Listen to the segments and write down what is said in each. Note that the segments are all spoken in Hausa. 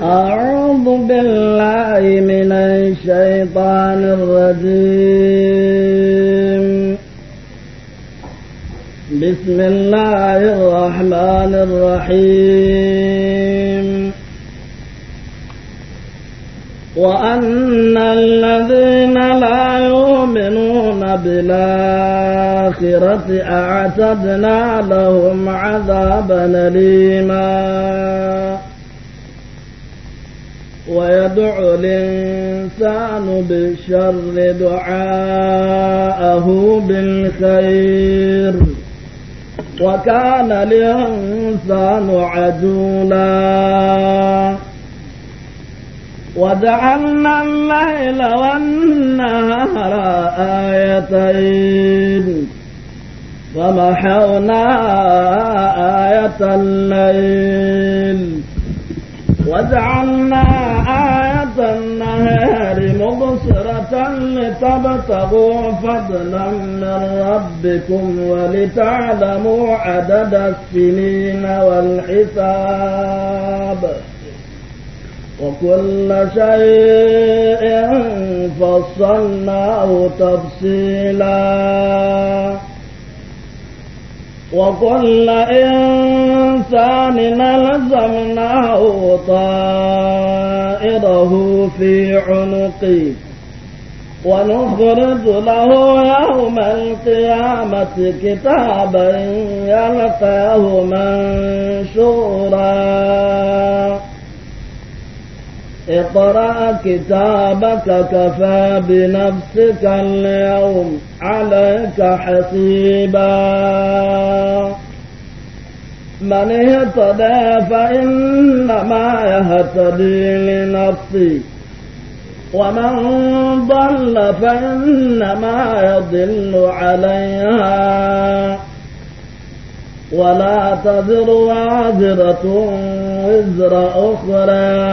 أعوذ بالله من الشيطان الرجيم بسم الله الرحمن الرحيم وأن الذين لا يؤمنون بالآخرة أعتدنا لهم عذابا أليما ويدعو الإنسان بالشر دعاءه بالخير وكان الإنسان عجولا وجعلنا الليل والنهار آيتين فمحونا آية الليل وجعلنا النهار مبصرة لتبتغوا فضلا من ربكم ولتعلموا عدد السنين والحساب وكل شيء فصلناه تفصيلاً وكل إنسان ألزمناه طائره في عنقه ونخرج له يوم القيامة كتابا يلقاه منشورا اقرأ كتابك كفى بنفسك اليوم عليك حسيبا من اهتدى فإنما يهتدي لنفسي ومن ضل فإنما يضل عليها ولا تذر وازرة وزر أخرى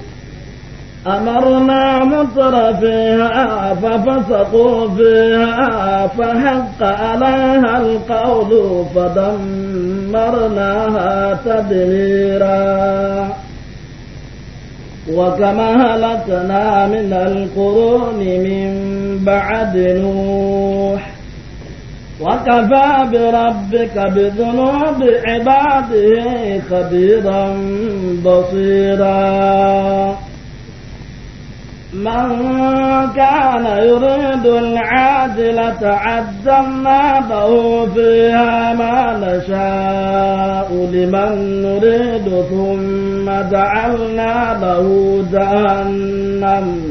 أمرنا مصر فيها ففسقوا فيها فحق عليها القول فدمرناها تدميرا وكما هلكنا من القرون من بعد نوح وكفى بربك بذنوب عباده خبيرا بصيرا من كان يريد العاجلة عجلنا له فيها ما نشاء لمن نريد ثم جعلنا له جهنم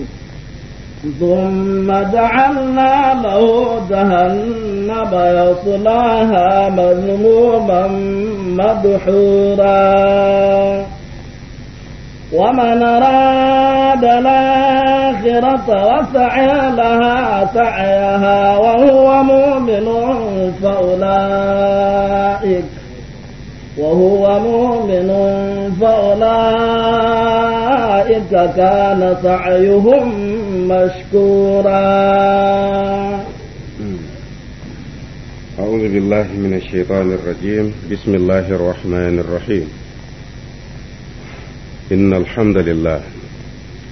ثم جعلنا له جهنم يصلاها مذموما مدحورا ومن أراد لا الآخرة وسعى لها سعيها وهو مؤمن فأولئك وهو مؤمن فأولئك كان سعيهم مشكورا أعوذ بالله من الشيطان الرجيم بسم الله الرحمن الرحيم إن الحمد لله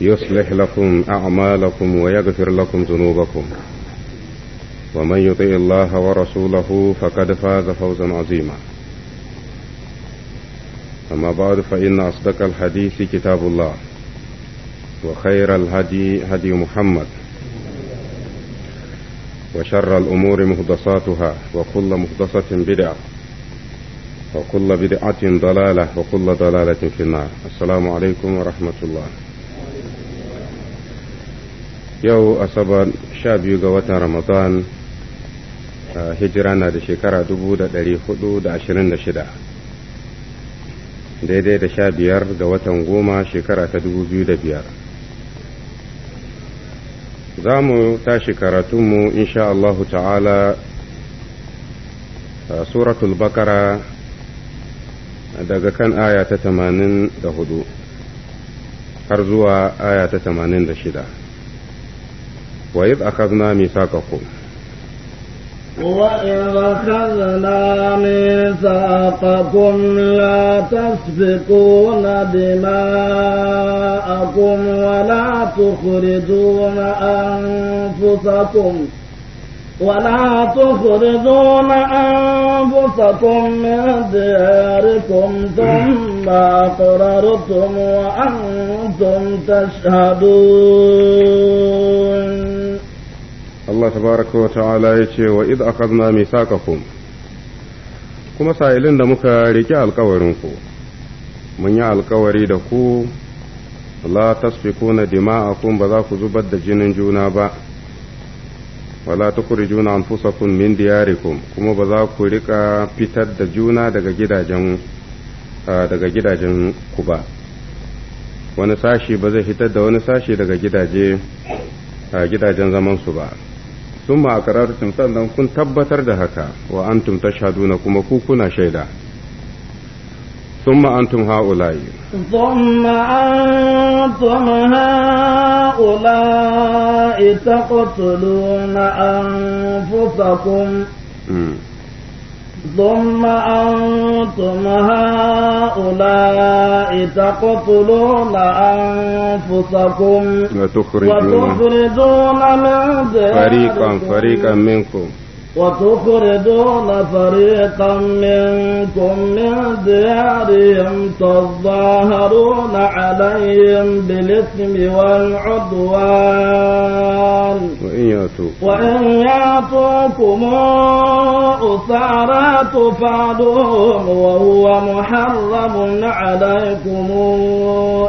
يصلح لكم أعمالكم ويغفر لكم ذنوبكم ومن يطع الله ورسوله فقد فاز فوزا عظيما أما بعد فإن أصدق الحديث كتاب الله وخير الهدي هدي محمد وشر الأمور مهدساتها وكل مهدسة بدعة وكل بدعة ضلالة وكل ضلالة في النار السلام عليكم ورحمة الله yau asabar sha biyu ga watan ramadan hijira na da shekara dubu da dari hudu da ashirin da shida daidai da sha biyar ga watan goma shekara ta dubu biyu da biyar za mu tashi karatunmu insha Allahu ta'ala suratul bakara daga kan aya ta tamanin da hudu har zuwa aya ta tamanin da shida وإذ أخذنا ميثاقكم وإذ أخذنا ميثاقكم لا تسفكون دماءكم ولا تخرجون أنفسكم ولا تخرجون أنفسكم من دياركم ثم أقررتم وأنتم تشهدون Allah tabaraka wa ta'ala ya ce wa id akhadna mithaqakum kuma sa'ilin da muka riki alkawarin ku mun yi alkawari da ku la tasfikuna dima'akum ba za ku zubar da jinin juna ba wala tukhrijuna anfusakum min diyarikum kuma ba za ku rika fitar da juna daga gidajen daga gidajen ku ba wani sashi ba zai fitar da wani sashi daga gidaje a gidajen zamansu ba suma ma a karatun sannan kun tabbatar da haka wa antum tashadu na kuma kukuna shaida sun ma antum ha’ulayi sun ma antum ha’ulayi ta kwatulu na an fusa hmm. ثم أنتم هؤلاء تقتلون أنفسكم وتخرجون, وتخرجون من فريقا فريقا منكم وتخرجون فريقا منكم من ديارهم تظاهرون عليهم بالإثم والعدوان وإن يعطوكم وإن يأتوكم أسارى تفعلوهم وهو محرم عليكم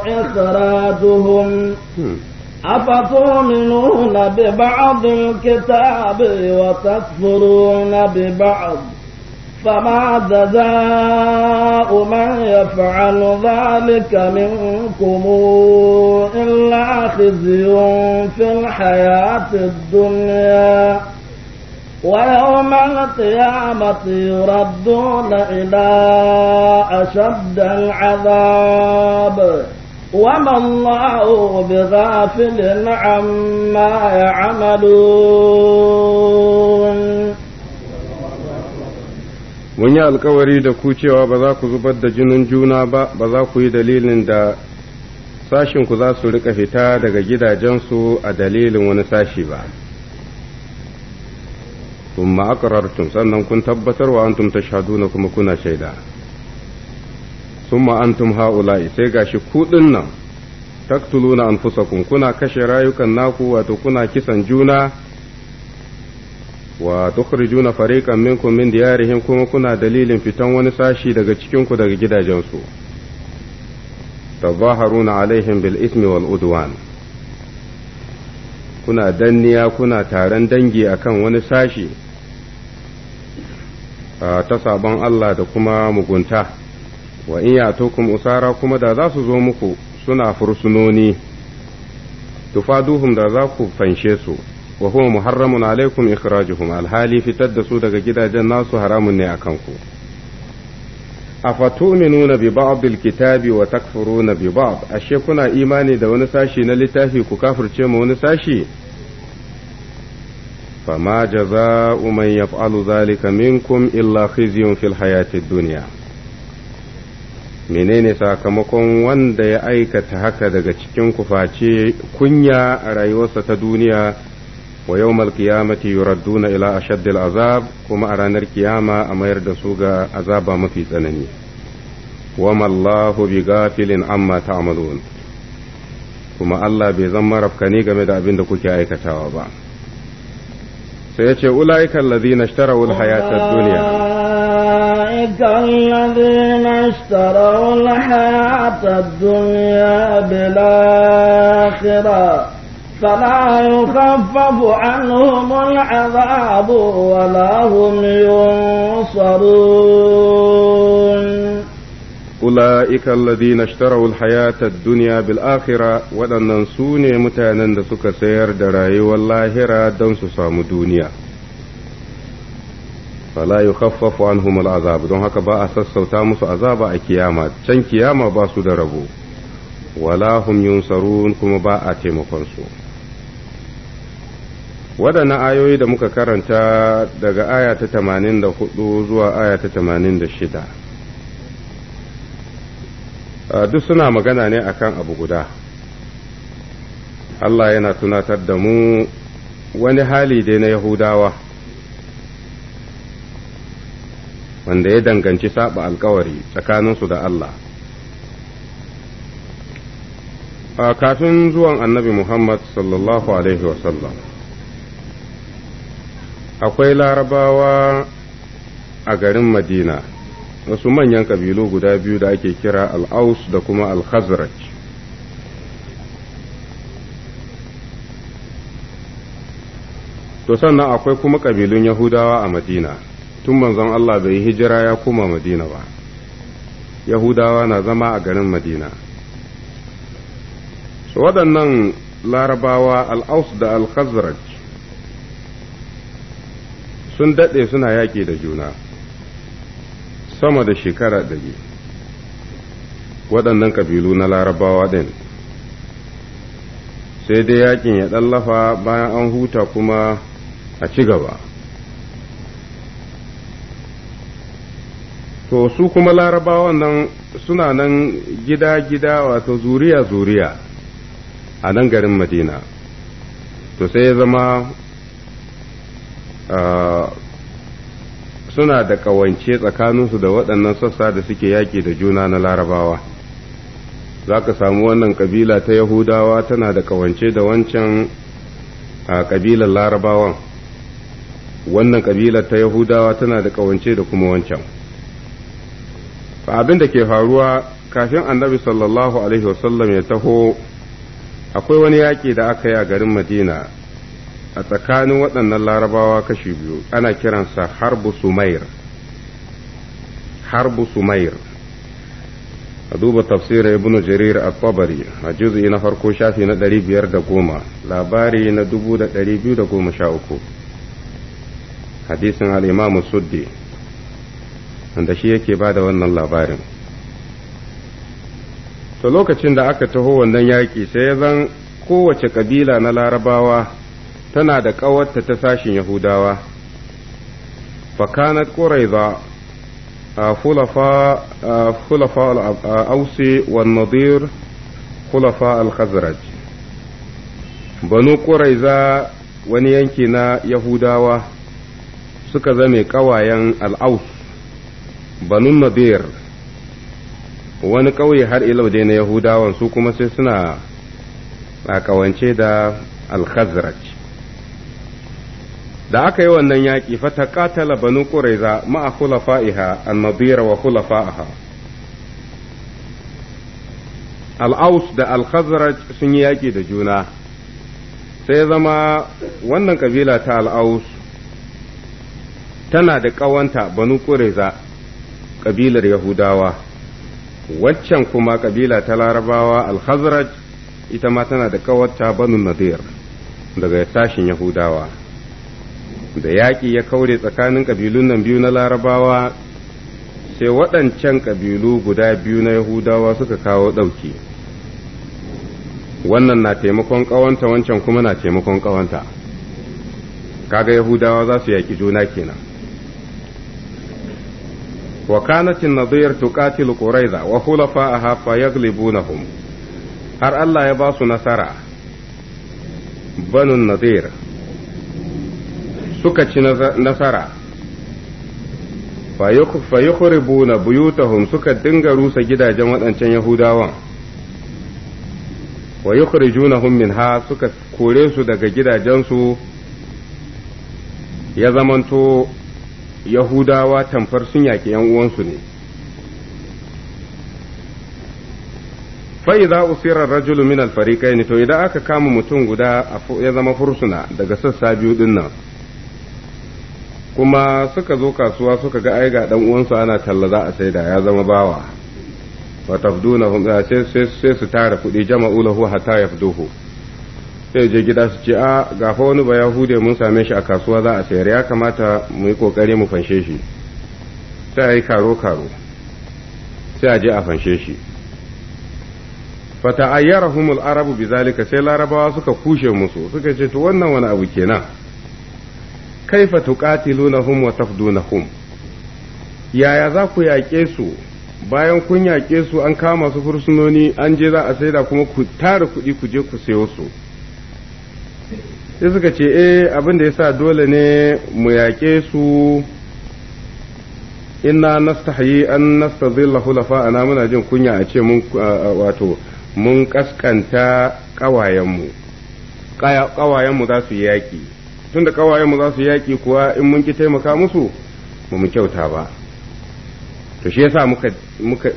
إخراجهم afatumnụ nabbd kịta b watatụronabib famadadaụmaafnụdalikamikụmnlatizife nhaatida wamatya bat ụradụ na idaashadaadaba وما الله بغافل عما يعملون mun yi alkawari da ku cewa ba za ku zubar da jinin juna ba ba za ku yi dalilin da sashinku za su rika fita daga gidajensu a dalilin wani sashi ba kuma tun sannan kun tabbatarwa wa antum tashhaduna kuma kuna shaida summa antum haula'i sai gashi ku dinnan taktuluna anfusakum kuna kashe rayukan naku wato kuna kisan juna wa tukhrijuna fariqan minkum min diyarihim kuma kuna dalilin fitan wani sashi daga cikin ku daga gidajensu tazaharuna alaihim bil ismi wal udwan kuna danniya kuna taron dangi akan wani sashi ta sabon Allah da kuma mugunta wa in yatukum usara kuma da za su zo muku suna fursunoni tufaduhum da za ku fanshe su wa huwa muharramun alaikum ikhrajuhum alhali fitar da su daga gidajen nasu haramun ne akan ku afatu'minuna bi ba'd alkitabi wa takfuruna bi ba'd ashe kuna imani da wani sashi na littafi ku kafirce ma wani sashi fama jaza'u man yaf'alu zalika minkum illa khizyun fil hayatid duniya. menene sakamakon wanda ya aikata haka daga cikin kuface kunya a rayuwarsa ta duniya wa yawmal qiyamati yuraduna ila ashaddil azab kuma a ranar kiyama a mayar da su ga azaba mafi tsanani wa mallahu bi amma ta'malun kuma Allah bai zama rafkani game da abin da kuke aikatawa ba سيأتي أولئك الذين اشتروا الحياة الدنيا أولئك الذين اشتروا الحياة الدنيا بالآخرة فلا يخفف عنهم العذاب ولا هم ينصرون أولئك الذين hayatar duniya الدنيا بالآخرة waɗannan sune mutanen da suka sayar da rayuwar lahira don su samu duniya fala an anhum azab don haka ba a sassauta musu azaba a kiyama can kiyama ba su da rabo wala hum yunsarun kuma ba a taimakon su waɗannan ayoyi da muka karanta daga aya ta 84 zuwa aya ta 86 Ah, duk suna magana ne a kan abu guda Allah yana tunatar da mu wani hali dai na Yahudawa wanda ya danganci saba alkawari tsakaninsu da Allah a kafin zuwan annabi Muhammad sallallahu Alaihi wasallam akwai larabawa a garin Madina wasu manyan kabilu guda biyu da ake kira alaus da kuma al-khazraj to sannan akwai kuma kabilun yahudawa a madina tun manzon Allah bai hijira ya kuma madina ba yahudawa na zama a garin madina su waɗannan larabawa alaus da al-khazraj sun daɗe suna yaƙi da juna sama da shekara ɗari waɗannan ƙabilu na larabawa ɗin sai dai yaƙin ya ɗallafa bayan an huta kuma a ci gaba to su kuma larabawa nan suna nan gida-gida wato zuriya-zuriya a nan garin madina to sai ya zama ah, suna da ƙawance tsakaninsu da waɗannan sassa da suke yaƙi da juna na larabawa za ka samu wannan ƙabila ta yahudawa tana da ƙawance da wancan a ƙabilar larabawan wannan ƙabilar ta yahudawa tana da ƙawance da kuma wancan abin da ke faruwa kafin annabi sallallahu alaihi wasallam ya taho akwai wani yaƙi da aka yi a garin madina a tsakanin waɗannan larabawa kashi biyu ana kiransa harbu sumair harbu sumair a duba tafsirin ibn jarir a tabari a juzi na farko shafi na biyar da goma labari na dubu da da biyu goma sha uku. hadisin al'imamu suddi wanda shi yake ba da wannan labarin to lokacin da aka taho wannan yaƙi sai ya zan kowace ƙabila na larabawa tana da ƙawarta ta sashin yahudawa fakanat ƙuraiza خلفاء nadir والنضير al-khazraj banu ƙuraiza wani yanki na yahudawa suka zame ƙawayen al'aus banu nadir wani ƙauye har ila dai na yahudawan su kuma sai suna a ƙawance da al-khazraj da aka yi wannan yaƙi fa ta katala banu quraiza ma'a khulafa'iha an-nadira wa khulafa'aha al-aus da al-khazraj sun yi yaƙi da juna sai zama wannan ƙabila ta al-aus tana da ƙawanta banu quraiza kabilar yahudawa waccan kuma ƙabila ta larabawa al-khazraj ita ma tana da ƙawarta banu nadir daga tashin yahudawa da yaƙi ya kaure tsakanin ƙabilun nan biyu na larabawa sai waɗancan ƙabilu guda biyu na yahudawa suka kawo ɗauki wannan na taimakon ƙawanta wancan kuma na taimakon ƙawanta kaga yahudawa za su yaƙi juna kenan وكانت wa تقاتل قريظة وخلفاءها فيغلبونهم har Allah ya ba su nasara banun nadir suka ci nasara fa yukhribuna buyutahum suka dinga rusa gidajen waɗancan yahudawa wa yukhrijunahum ha suka kore su daga gidajensu ya zamanto yahudawa tamfar sun yaƙi yan uwansu ne fa'iza usirar rajulu min alfariƙai ne to idan aka kama mutum guda ya zama fursuna daga sassa biyu dinnan. kuma suka zo kasuwa suka ga ai ga dan uwansu ana talla za a saida ya zama bawa wa tafdunahum sai sai su tara kudi jama'u lahu hatta yafduhu sai je gida su ce a ah, ga fa wani bayahude mun same shi a kasuwa za a sayar ya kamata mu yi kokari mu fanshe shi sai ai karo karo sai a je a fanshe shi Fata ayyarahumul arabu bizalika sai larabawa suka kushe musu suka ce to wannan wani abu kenan kaifa tuqatilunahum wa tafdunahum yaya za ku yaƙe su bayan kun yaƙe su an kama su fursunoni an je za a saida kuma ku tara kuɗi ku je ku sayo su sai suka ce eh abin da yasa dole ne mu yaƙe su inna nastahyi an nastadhilla ana muna jin kunya a ce mun wato mun kaskanta ƙawayenmu ƙawayenmu za su yi yaƙi tun da kawayenmu za su yaƙi kuwa in mun ki taimaka musu ba mu kyauta ba to shi yasa muka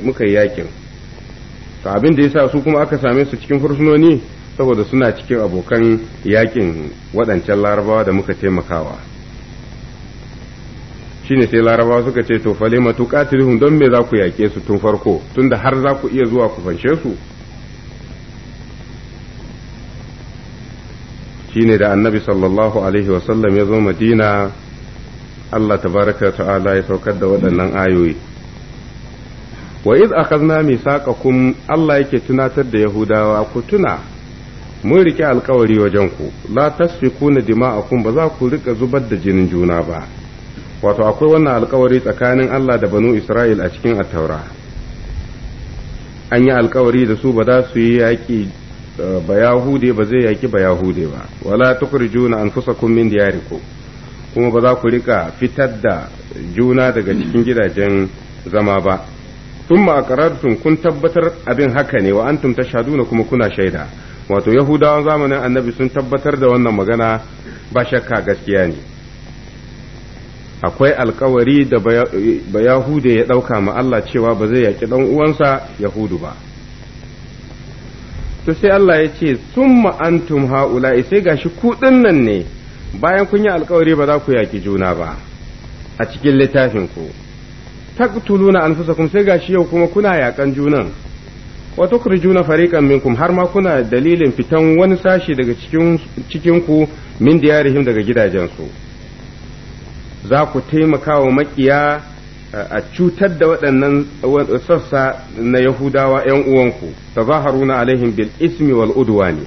muka yaƙin to abin da yasa su kuma aka same su cikin fursunoni saboda suna cikin abokan yaƙin waɗancan larabawa da muka taimakawa shi ne sai larabawa suka ce to falima tuqatiluhum don me za ku yaƙe su tun farko tunda har za ku iya zuwa ku fanshe su shine da annabi sallallahu alaihi wasallam ya zo madina Allah tabaraka ta'ala ya saukar da waɗannan ayoyi wa iz akhadna misaqakum Allah yake tunatar da Yahudawa ku tuna mun rike alkawari wajen ku la tasfikuna dima'akum ba za ku rika zubar da jinin juna ba wato akwai wannan alkawari tsakanin Allah da banu Isra'il a cikin at-Taura an yi alkawari da su ba za su yi yaƙi ba yahude ba zai yaki ba yahude ba wala tukhrijuna anfusakum min diyarikum kuma ba za ku rika fitar da juna daga cikin gidajen zama ba sun ma'akarartun kun tabbatar abin haka ne wa antum shaduna kuma kuna shaida wato yahudawan zamanin annabi sun tabbatar da wannan magana ba shakka gaskiya ne akwai alkawari da bayahude ya ɗauka ma Allah cewa ba zai yaki ɗan uwansa yahudu ba to sai Allah ya ce summa antum haula'i sai gashi kuɗin nan ne bayan kun yi alkawari ba za ku yaki juna ba a cikin littafin ku taqtuluna anfusakum sai gashi yau kuma kuna yaƙan junan wa farikan fariqan minkum har ma kuna dalilin fitan wani sashi daga cikin cikin ku min diyarihim daga gidajensu za ku taimaka wa makiya a cutar da waɗannan sassa na Yahudawa ‘yan uwanku, ta na alaihim bil ismi wal uduwa ne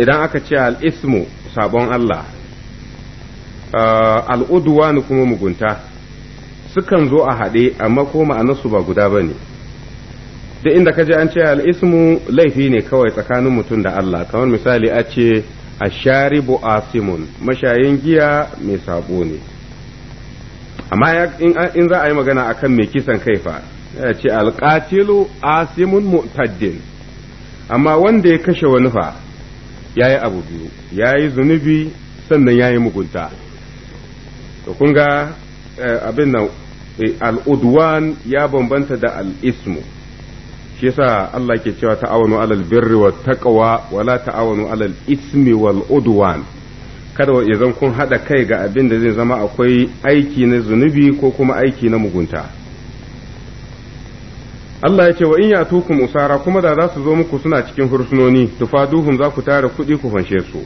idan aka ce al'ismu sabon Allah, ni kuma mugunta, sukan zo a haɗe amma ko ma'anarsu ba guda ba ne. Duk inda ka je an ce ismu laifi ne kawai tsakanin mutum da Allah, kamar misali a ce, a sharibu asimun, mashayin giya mai sabo ne. amma in za a yi magana akan mai kisan kai fa ya ce alƙatilu asimun mu'taddin amma wanda ya kashe wani fa ya yi abu biyu ya yi zunubi sannan ya yi mugunta to kun eh, abin nan eh, al'udwan ya bambanta da al'ismu shi yasa Allah ke cewa ta'awanu alal birri wa taqwa wala ta'awanu alal ismi wal udwan kada ya zan kun haɗa kai ga abin da zai zama akwai aiki na zunubi ko kuma aiki na mugunta Allah ya ce wa in ya tukum usara kuma da za su zo muku suna cikin hursunoni tufaduhum za ku tara kuɗi ku fanshe su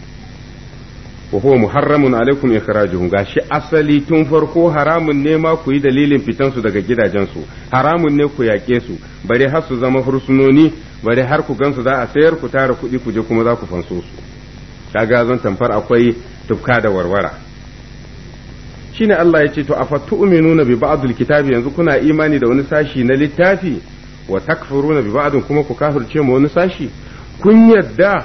wa huwa muharramun alaikum ikhrajuhum gashi asali tun farko haramun ne ma ku yi dalilin fitan su daga gidajen su haramun ne ku yaƙe su bare har su zama hursunoni bare har ku gansu za a sayar ku tara kuɗi ku je kuma za ku fanso su kaga zan tamfar akwai tufka da warwara shine Allah ya ce to afatu'minuna bi ba'dil kitabi yanzu kuna imani da wani sashi na littafi wa takfuruna bi kuma ku kafirce ma wani sashi kun yadda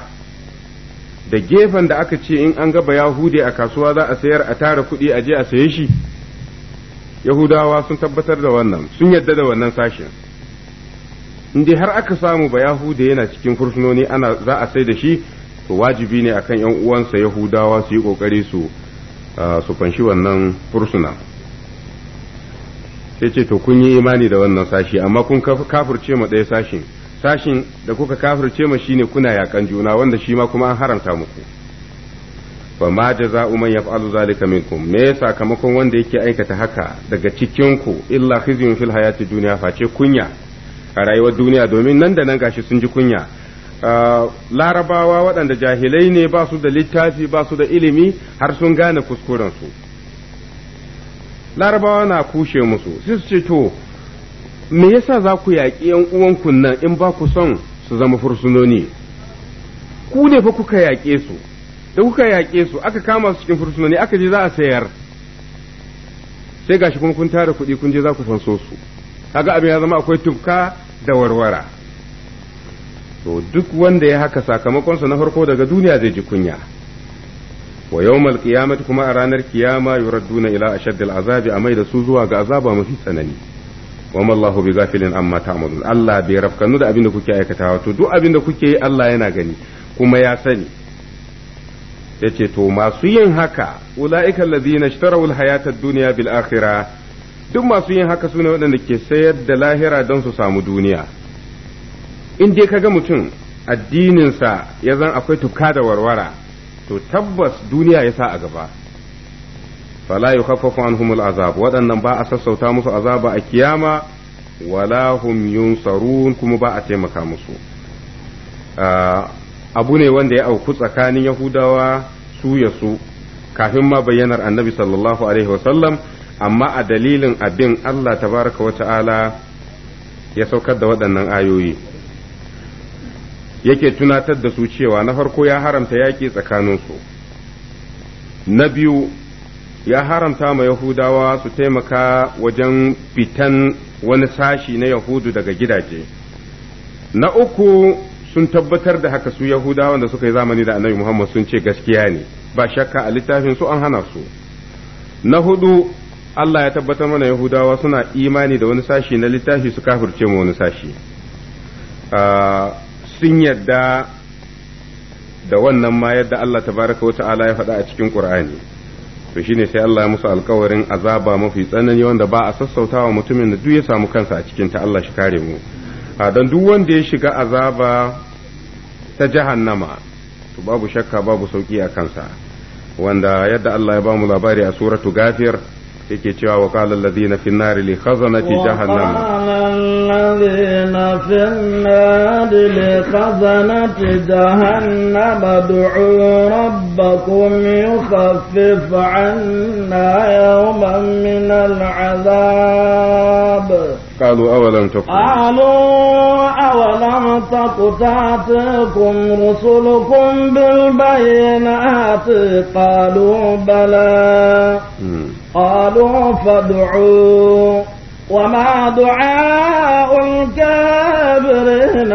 da gefen da aka ce in an gaba yahudi a kasuwa za a sayar a tara kuɗi a je a saye shi yahudawa sun tabbatar da wannan sun yadda da wannan sashen in har aka samu ba yahudi yana cikin fursunoni ana za a sai da shi to wajibi ne akan yan uwansa yahudawa su yi kokari su su fanshi wannan fursuna sai ce to kun yi imani da wannan sashi amma kun kafirce ma ɗaya sashin sashin da kuka kafirce ma shine kuna yakan juna wanda shi ma kuma an haramta muku fa ma jaza'u man yaf'alu zalika minkum me sakamakon wanda yake aikata haka daga cikin ku illa khizyun fil hayati dunya face kunya a rayuwar duniya domin nan da nan gashi sun ji kunya Ah, larabawa waɗanda jahilai ne ba su da littafi ba su da ilimi har sun gane kuskurensu larabawa na kushe musu sai su ce to me yasa za ku yaƙi ‘yan uwanku nan in ba ku son su zama fursunoni ku ne fa kuka yaƙe su da kuka yaƙe su aka kama su cikin fursunoni aka je za a sayar sai gashi kuma kun tara kuɗi kun je za ku fanso su kaga abin ya zama akwai tufka da warwara to duk wanda ya haka sakamakonsa na farko daga duniya zai ji kunya wa yawmal qiyamati kuma a ranar kiyama yuradduna ila ashaddil azabi amai da su zuwa ga azaba mafi tsanani wa mallahu bi ghafilin amma ta'malun Allah bai rafkanu da abin da kuke aikatawa to duk abin da kuke yi Allah yana gani kuma ya sani yace to masu yin haka ulaika alladhina ishtaraw alhayata ad-dunya bil akhirah duk masu yin haka sune waɗanda ke sayar da lahira don su samu duniya in dai kaga mutum addininsa ya zan akwai tuka da warwara to tabbas duniya ya sa a gaba fala yukhaffafu anhum al'azab waɗannan ba a sassauta musu azaba a kiyama wala hum yunsarun kuma ba a taimaka musu ah, abu ne wanda ya auku tsakanin yahudawa su ya su kafin ma bayyanar annabi sallallahu alaihi wasallam amma a dalilin abin Allah tabaraka wa ta'ala ya saukar da waɗannan ayoyi yake tunatar da su cewa na farko ya haramta yaƙi tsakaninsu na biyu ya haramta ma yahudawa su taimaka wajen fitan wani sashi na yahudu daga gidaje na uku sun tabbatar da haka su yahudawa da suka yi zamani da annabi muhammad sun ce gaskiya ne ba shakka a littafin su an hana su na hudu allah ya tabbatar mana yahudawa suna imani da wani sashi na littafi su kafirce mu wani sashi ah, sun yarda da wannan ma yadda Allah ta baraka wa ta'ala ya faɗa a cikin Qur'ani to shi ne sai Allah ya musu alkawarin azaba mafi tsanani wanda ba a sassautawa mutumin da duk ya samu kansa a cikin ta Allah shi kare mu a don duk wanda ya shiga azaba ta jahannama to babu shakka babu sauki a kansa wanda yadda Allah ya ba mu labari a suratu gafir yake cewa wa qala alladhina fi nari li khazanati jahannam wa qala alladhina fi nari li khazanati jahannam ad'u rabbakum yukhaffif 'anna yawman min al'adab قالوا أولم تكن قالوا أولم تك تأتيكم رسلكم بالبينات قالوا بلى قالوا فادعوا وما دعاء الكافرين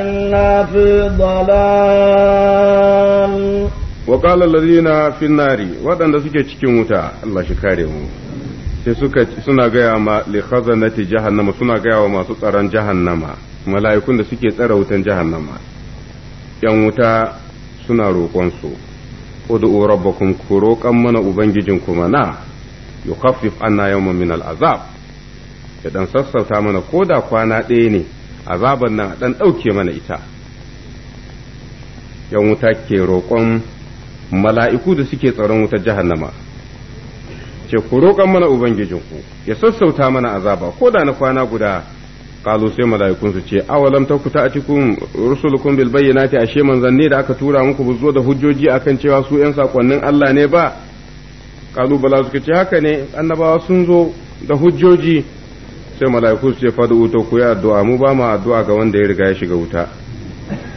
إلا في ضلال وقال الذين في النار وأن سكي تشكي الله شكارهم sai suka suna gaya ma li khazanati jahannama suna gaya wa masu tsaron jahannama mala'ikun da suke tsara wutan jahannama yan wuta suna roƙon su ud'u rabbakum ku roƙan mana ubangijin kuma na yukhaffif anna yawman min al'azab ya dan sassauta mana koda kwana ɗaya ne azaban nan dan ɗauke mana ita yan wuta ke roƙon mala'iku da suke tsaron wutar jahannama ce ku roƙon mana ubangijinku ya sassauta mana azaba ko da na kwana guda kalu sai mala'ikun su ce awalam ta kuta a cikin rusulukum bil bayyinati ashe manzanni da aka tura muku buzo da hujjoji akan cewa su yan sakonnin Allah ne ba kalu bala suka ce haka ne annabawa sun zo da hujjoji sai mala'iku su ce fadu wuta ku yi addu'a mu ba ma addu'a ga wanda ya riga ya shiga wuta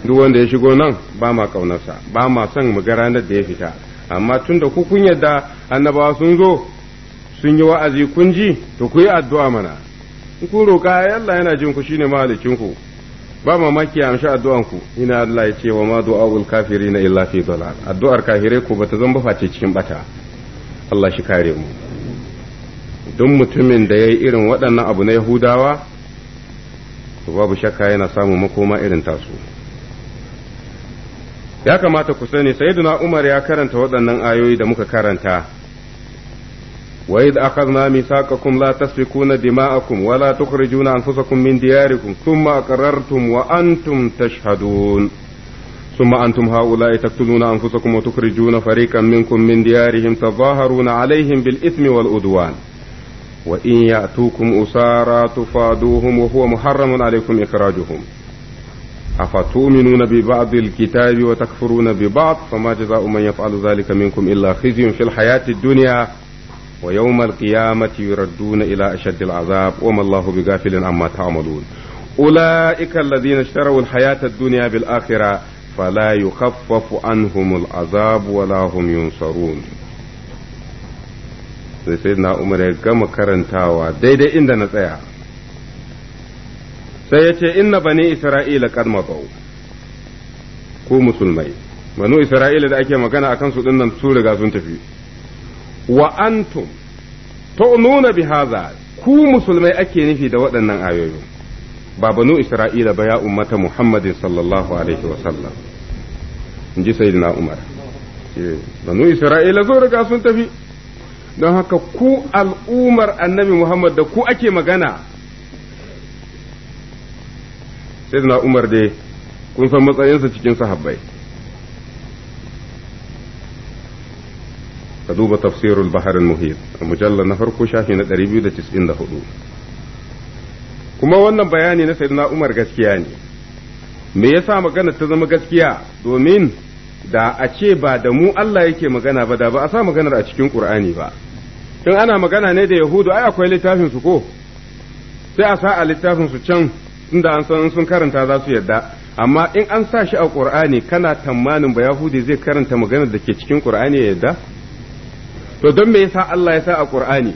duk wanda ya shigo nan ba ma kaunarsa ba ma son mu ga ranar da ya fita amma tun da ku kun yadda annabawa sun zo sun yi wa'azi kun ji to ku yi addu'a mana in kun roƙa Allah yana jin ku shine mahalicin ku ba mamaki a amshi addu'an ku ina Allah ya ce wa ma du'a'ul kafirin illa fi dalal addu'ar kafirai ku bata zan ba face cikin bata Allah shi kare mu duk mutumin da ya yi irin waɗannan abu na yahudawa babu shakka yana samun makoma irin tasu ya kamata ku sani sayyiduna umar ya karanta waɗannan ayoyi da muka karanta wa idh akhadna mithaqakum la tasfikuna dima'akum wa la tukhrijuna anfusakum min diyarikum thumma aqrartum wa antum tashhadun ثم أنتم هؤلاء تقتلون أنفسكم وتخرجون فريقا منكم من ديارهم تظاهرون عليهم بالإثم والأدوان وإن يأتوكم أسارى تفادوهم وهو محرم عليكم إخراجهم أفتؤمنون ببعض الكتاب وتكفرون ببعض فما جزاء من يفعل ذلك منكم إلا خزي في الحياة الدنيا ويوم القيامة يردون إلى أشد العذاب وما الله بغافل عما تعملون أولئك الذين اشتروا الحياة الدنيا بالآخرة فلا يخفف عنهم العذاب ولا هم ينصرون sai sai na umar gama karantawa daidai inda na tsaya sai yace ce inna bani isra'ila kad mabau ku musulmai banu isra'ila da ake magana akan su dinnan su riga sun tafi wa antum tu'nuna bi hadha ku musulmai ake nufi da waɗannan ayoyin ba banu isra'ila ba ya ummata muhammadin sallallahu alaihi wa sallam in ji na umar banu isra'ila zo riga sun tafi don haka ku al'umar annabi muhammad da ku ake magana na umar dai kun san matsayinsa cikin sahabbai ka duba tafsirul baharin muhit a mujallar na farko shafi na 294 kuma wannan bayani na sayyidina umar gaskiya ne me yasa magana ta zama gaskiya domin da a ce ba da mu Allah yake magana ba da ba a sa maganar a cikin Qur'ani ba in ana magana ne da Yahudu ai akwai littafin su ko sai a sa a littafin su can inda an san sun karanta za su yadda amma in an sa shi a Qur'ani kana tamanin ba Yahudi zai karanta maganar da ke cikin Qur'ani ya yadda to don me yasa Allah ya sa a Qur'ani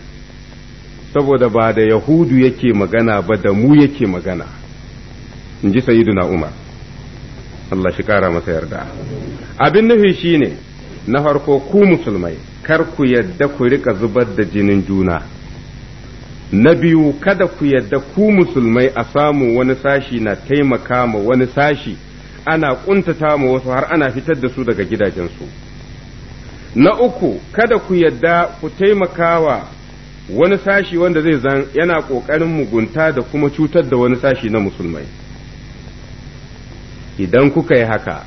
saboda ba da Yahudu yake magana ba da mu yake magana Inji ji Sayyiduna Umar Allah shi kara masa yarda abin nufi shine na farko ku musulmai kar ku yadda ku rika zubar da jinin juna na biyu kada ku yadda ku musulmai a samu wani sashi na taimaka ma wani sashi ana kuntata ma wasu har ana fitar da su daga gidajensu na uku kada ku yadda ku taimakawa wani sashi wanda zai zan yana ƙoƙarin mugunta da kuma cutar da wani sashi na musulmai idan kuka yi haka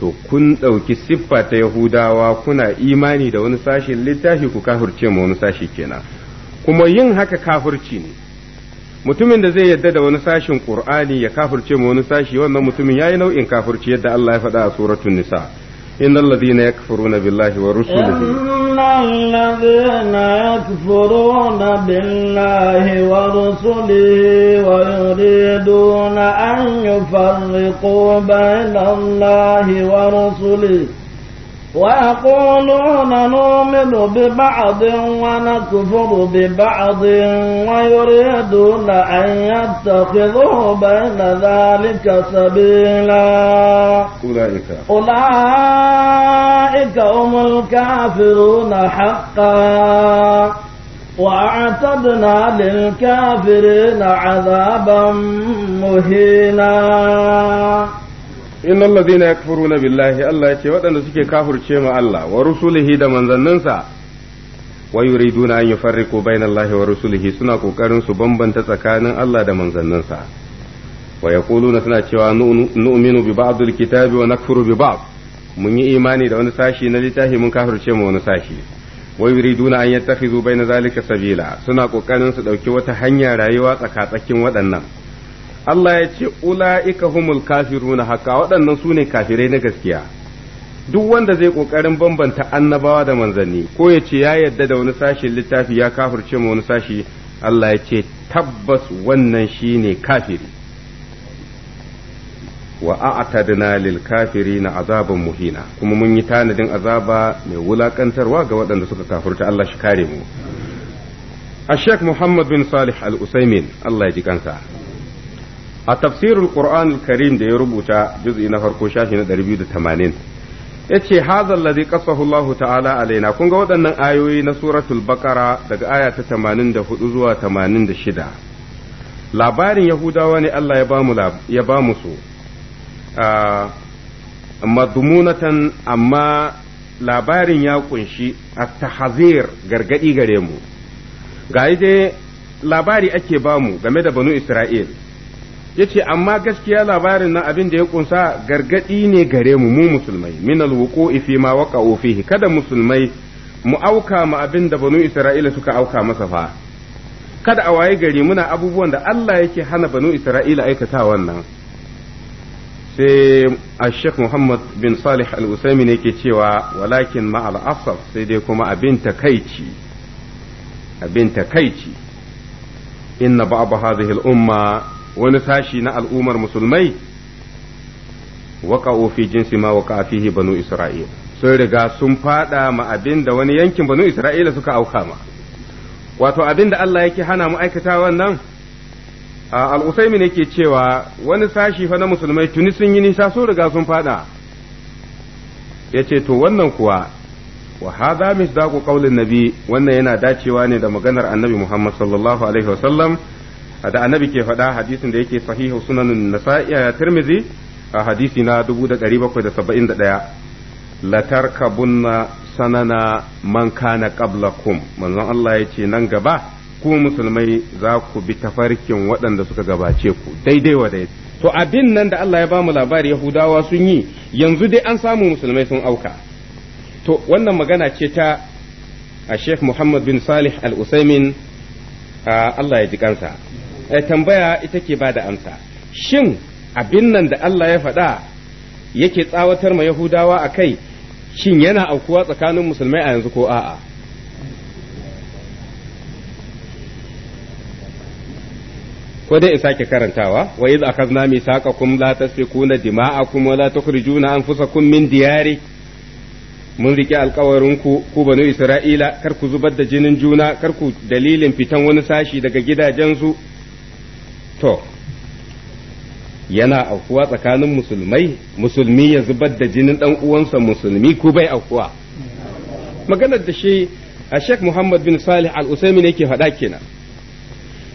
to kun ɗauki siffa ta yahudawa kuna imani da wani sashin littafi ku kafirce ma wani sashi kenan kuma yin haka kafurci ne mutumin da zai yadda da wani sashin ƙur'ani ya kafirce ma wani sashi wannan mutumin ya yi nau'in kafurci yadda Allah ya faɗa a suratun nisa إن الذين يكفرون بالله ورسله إن الذين يكفرون بالله ورسله ويريدون أن يفرقوا بين الله ورسله pụlụanomenobebadnwa na gọanọ dị badi waoredo na ya laụlhaika ụmokavro nahatawtadnadikavere na alaba mụhie na innal ladina yakfuruna billahi Allah ya ce waɗanda suke kafirce ma Allah wa rusulihi da manzanninsa wa yuriduna an yufarriqu baina Allahi wa rusulihi suna kokarin su bambanta tsakanin Allah da manzanninsa wa yaquluna suna cewa nu'minu bi ba'dil kitabi wa nakfuru bi ba'd mun yi imani da wani sashi na littafi mun kafirce ma wani sashi wa yuriduna an yattakhidhu baina zalika sabila suna kokarin su dauki wata hanya rayuwa tsaka tsakin waɗannan Allah ya ce ula'ika humul na haka waɗannan su ne kafirai na gaskiya duk wanda zai ƙoƙarin bambanta annabawa da manzanni ko ya ce ya yadda da wani sashin littafi ya kafirce ma wani sashi Allah ya ce tabbas wannan shi ne kafiri wa a'tadna lil na azaban muhina kuma mun yi tanadin azaba mai wulaƙantarwa ga waɗanda suka kafirta Allah shi kare mu Muhammad Salih Salih usaimin Allah ya ji kansa a tafsirul qur'an karim da ya rubuta juz'i na farko shafi na 280 yace hadha ladi qasahu Allah ta'ala alaina kun ga waɗannan ayoyi na suratul baqara daga aya ta 84 zuwa 86 labarin yahudawa ne Allah ya bamu ya bamu su madmunatan amma labarin ya kunshi at-tahzir gargadi gare mu ga dai labari ake bamu game da banu Isra'il yace amma gaskiya labarin nan abin da ya kunsa gargadi ne gare mu mu musulmai min alwuqu'i ifi ma waqa'u fihi kada musulmai mu auka ma abin da banu isra'ila suka auka masa fa kada a waye gari muna abubuwan da Allah yake hana banu isra'ila aikata wannan sai ashek muhammad bin salih al-usaimi ne ke cewa walakin ma al'asaf sai dai kuma abin takaici abin takaici inna ba'd hadhihi al-umma wani sashi na al'ummar musulmai waƙa'u fi jinsi ma waƙa fihi banu isra'il sun riga sun fada ma abin wani yankin banu isra'ila suka auka ma wato abinda da Allah yake hana mu aikata wannan al'usaimi ne ke cewa wani sashi fa na musulmai tuni sun yi nisa sun riga sun fada ya ce to wannan kuwa wa hadha misdaqu qawlin nabi wannan yana dacewa ne da maganar annabi Muhammad sallallahu alaihi wasallam da annabi ke faɗa hadisin da yake sahihu sunanin nasa'i eh, tirmizi a hadisi na 1771 latarkabunna sanana man kana qablakum manzon Allah ya ce nan gaba ku musulmai za ku bi tafarkin waɗanda suka gabace ku daidai wa daidai to abin nan da Allah ya ba mu labari yahudawa sun yi yanzu dai an samu musulmai sun auka to wannan magana ce ta a Sheikh Muhammad bin Salih Al-Usaimin Allah ya ji kansa Eh, tambaya ita ke ba da amsa shin abin nan da Allah ya faɗa yake tsawatar ma Yahudawa a kai shin yana aukuwa tsakanin musulmai a yanzu ko a'a ko dai in sake karantawa wa iz akhadna mithaqakum la tasfikuna dima'akum wa la tukhrijuna anfusakum min diyari mun rike alkawarin ku ku banu isra'ila kar ku zubar da jinin juna kar ku dalilin fitan wani sashi daga gidajensu su to yana aukuwa tsakanin musulmai musulmi ya zubar da jinin dan uwansa musulmi ko bai aukuwa maganar da shi a Sheikh Muhammad bin Salih Al usaimin ne yake faɗa kenan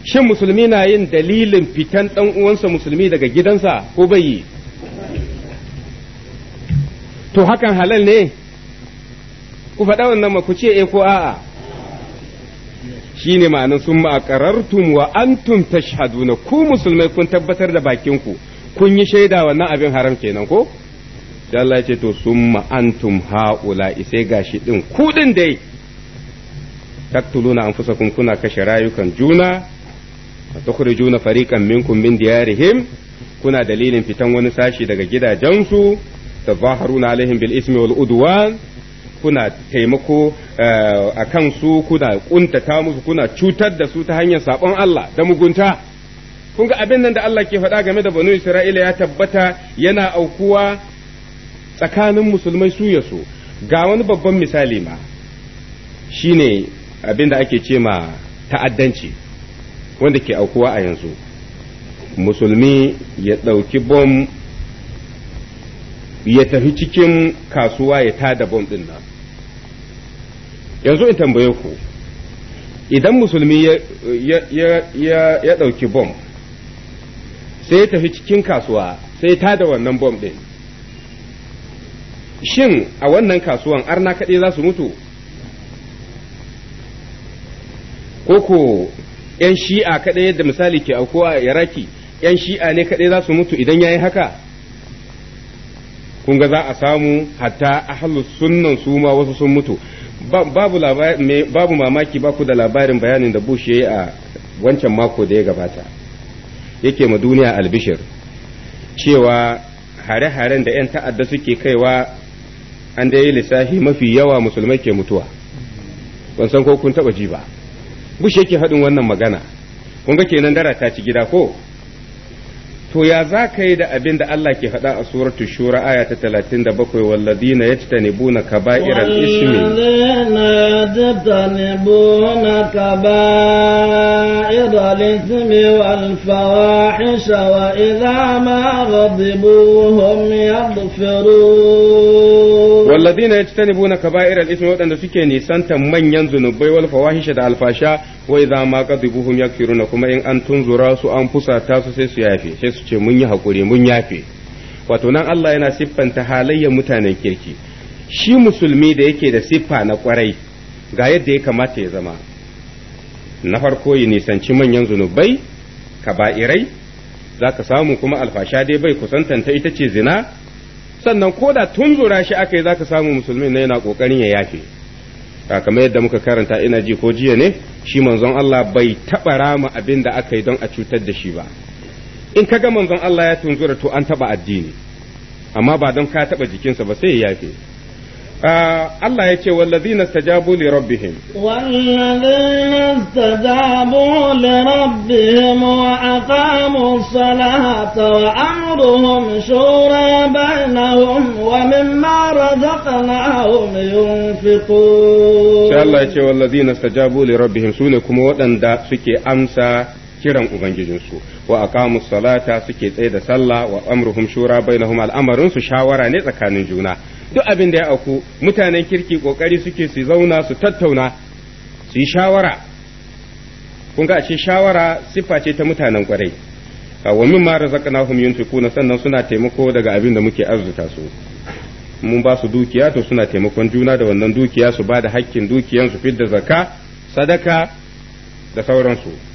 shin musulmi na yin dalilin fitan dan uwansa musulmi daga gidansa ko bai yi to hakan halal ne ku faɗa wannan ma ku ce eh ko a'a shine ma'anar sun ma'aqarartum wa antum tashhaduna ku musulmai kun tabbatar da bakin ku kun yi shaida wannan abin haram kenan ko sai Allah ya ce to summa haƙula haula sai gashi din ku din dai taktuluna anfusakum kuna kashe rayukan juna wa tukhrijuna fariqan minkum min diyarihim kuna dalilin fitan wani sashi daga gidajensu tazaharuna alaihim bil ismi wal udwan kuna taimako eh, a kan su kuna kuntata musu kuna cutar da su ta hanyar sabon Allah da mugunta kun ga abin nan da Allah ke faɗa game da banu Isra'ila ya tabbata yana aukuwa tsakanin musulmai su ya ga wani babban misali ma shine abin da ake ce ma ta'addanci wanda ke aukuwa a yanzu musulmi ya ɗauki bom ya tafi cikin kasuwa ya tada bom ɗin nan yanzu in tambaye ku idan musulmi ya ɗauki bom sai ya tafi cikin kasuwa sai ta da wannan bom ɗin shin a wannan kasuwan arna kaɗai za su mutu koko 'yan shi'a kaɗai yadda misali ke aukuwa a iraki 'yan shi'a ne kaɗai za su mutu idan ya yi haka kun ga za a samu hatta a sunnan su ma wasu sun mutu babu babu mamaki ba ku da labarin bayanin da Bush yayi a wancan mako da ya gabata yake ma duniya albishir cewa hare-haren da 'yan ta'adda suke kaiwa an da yi lissafi mafi yawa musulmai ke mutuwa ban san ko kun taba ji ba bush yake haɗin wannan magana kun ga kenan dara ta ci gida ko to ya za ka yi da abin da Allah ke faɗa a suratu shura aya ta talatin da bakwai walladina ya cita ne buna ka ba'irar ismi walladina ya cita ne buna ka ba'irar ismi wal fawahisha wa idza ma ghadibuhum yaghfirun walladina ya cita ne buna ka ba'irar ismi waɗanda suke nisantan manyan zunubai wal fawahisha da alfasha wa idza ma kadibuhum yakfiruna kuma in an tunzura su an fusata su sai su yafe sai su ce mun yi hakuri mun yafe wato nan Allah yana siffanta halayyar mutanen kirki shi musulmi da yake da siffa na kwarai ga yadda ya kamata ya zama na farko ya nisanci manyan zunubai kaba'irai za ka samu kuma alfasha dai bai kusantanta ita ce zina sannan ko da tunzura shi aka yi za ka samu musulmi na yana kokarin ya yafe kamar yadda muka karanta ina ji ko jiya ne shi manzon Allah bai taɓa rama abin da aka yi don a cutar da shi ba in ka ga manzon Allah ya tunzura to an taɓa addini amma ba don ka taɓa jikinsa ba sai ya yafe Allah ya ce wallazina stajabu li rabbihim wallazina stajabu li rabbihim wa aqamu salata wa amruhum shura bainahum wa mimma razaqnahum yunfiqun sai Allah ya ce wallazina stajabu li rabbihim sune kuma waɗanda suke amsa kiran ubangijinsu wa aqamu salata suke tsaye da sallah wa amruhum shura bainahum al'amarin su shawara ne tsakanin juna duk abin da ya auku mutanen kirki kokari suke su zauna su tattauna su yi shawara kun ga ce shawara siffa ce ta mutanen kwarai wa min ma razaqnahum yunfikuna sannan suna taimako daga abin da muke arzuta su mun ba su dukiya to suna taimakon juna da wannan dukiya su ba da hakkin dukiyan su fidda zakka sadaka da sauransu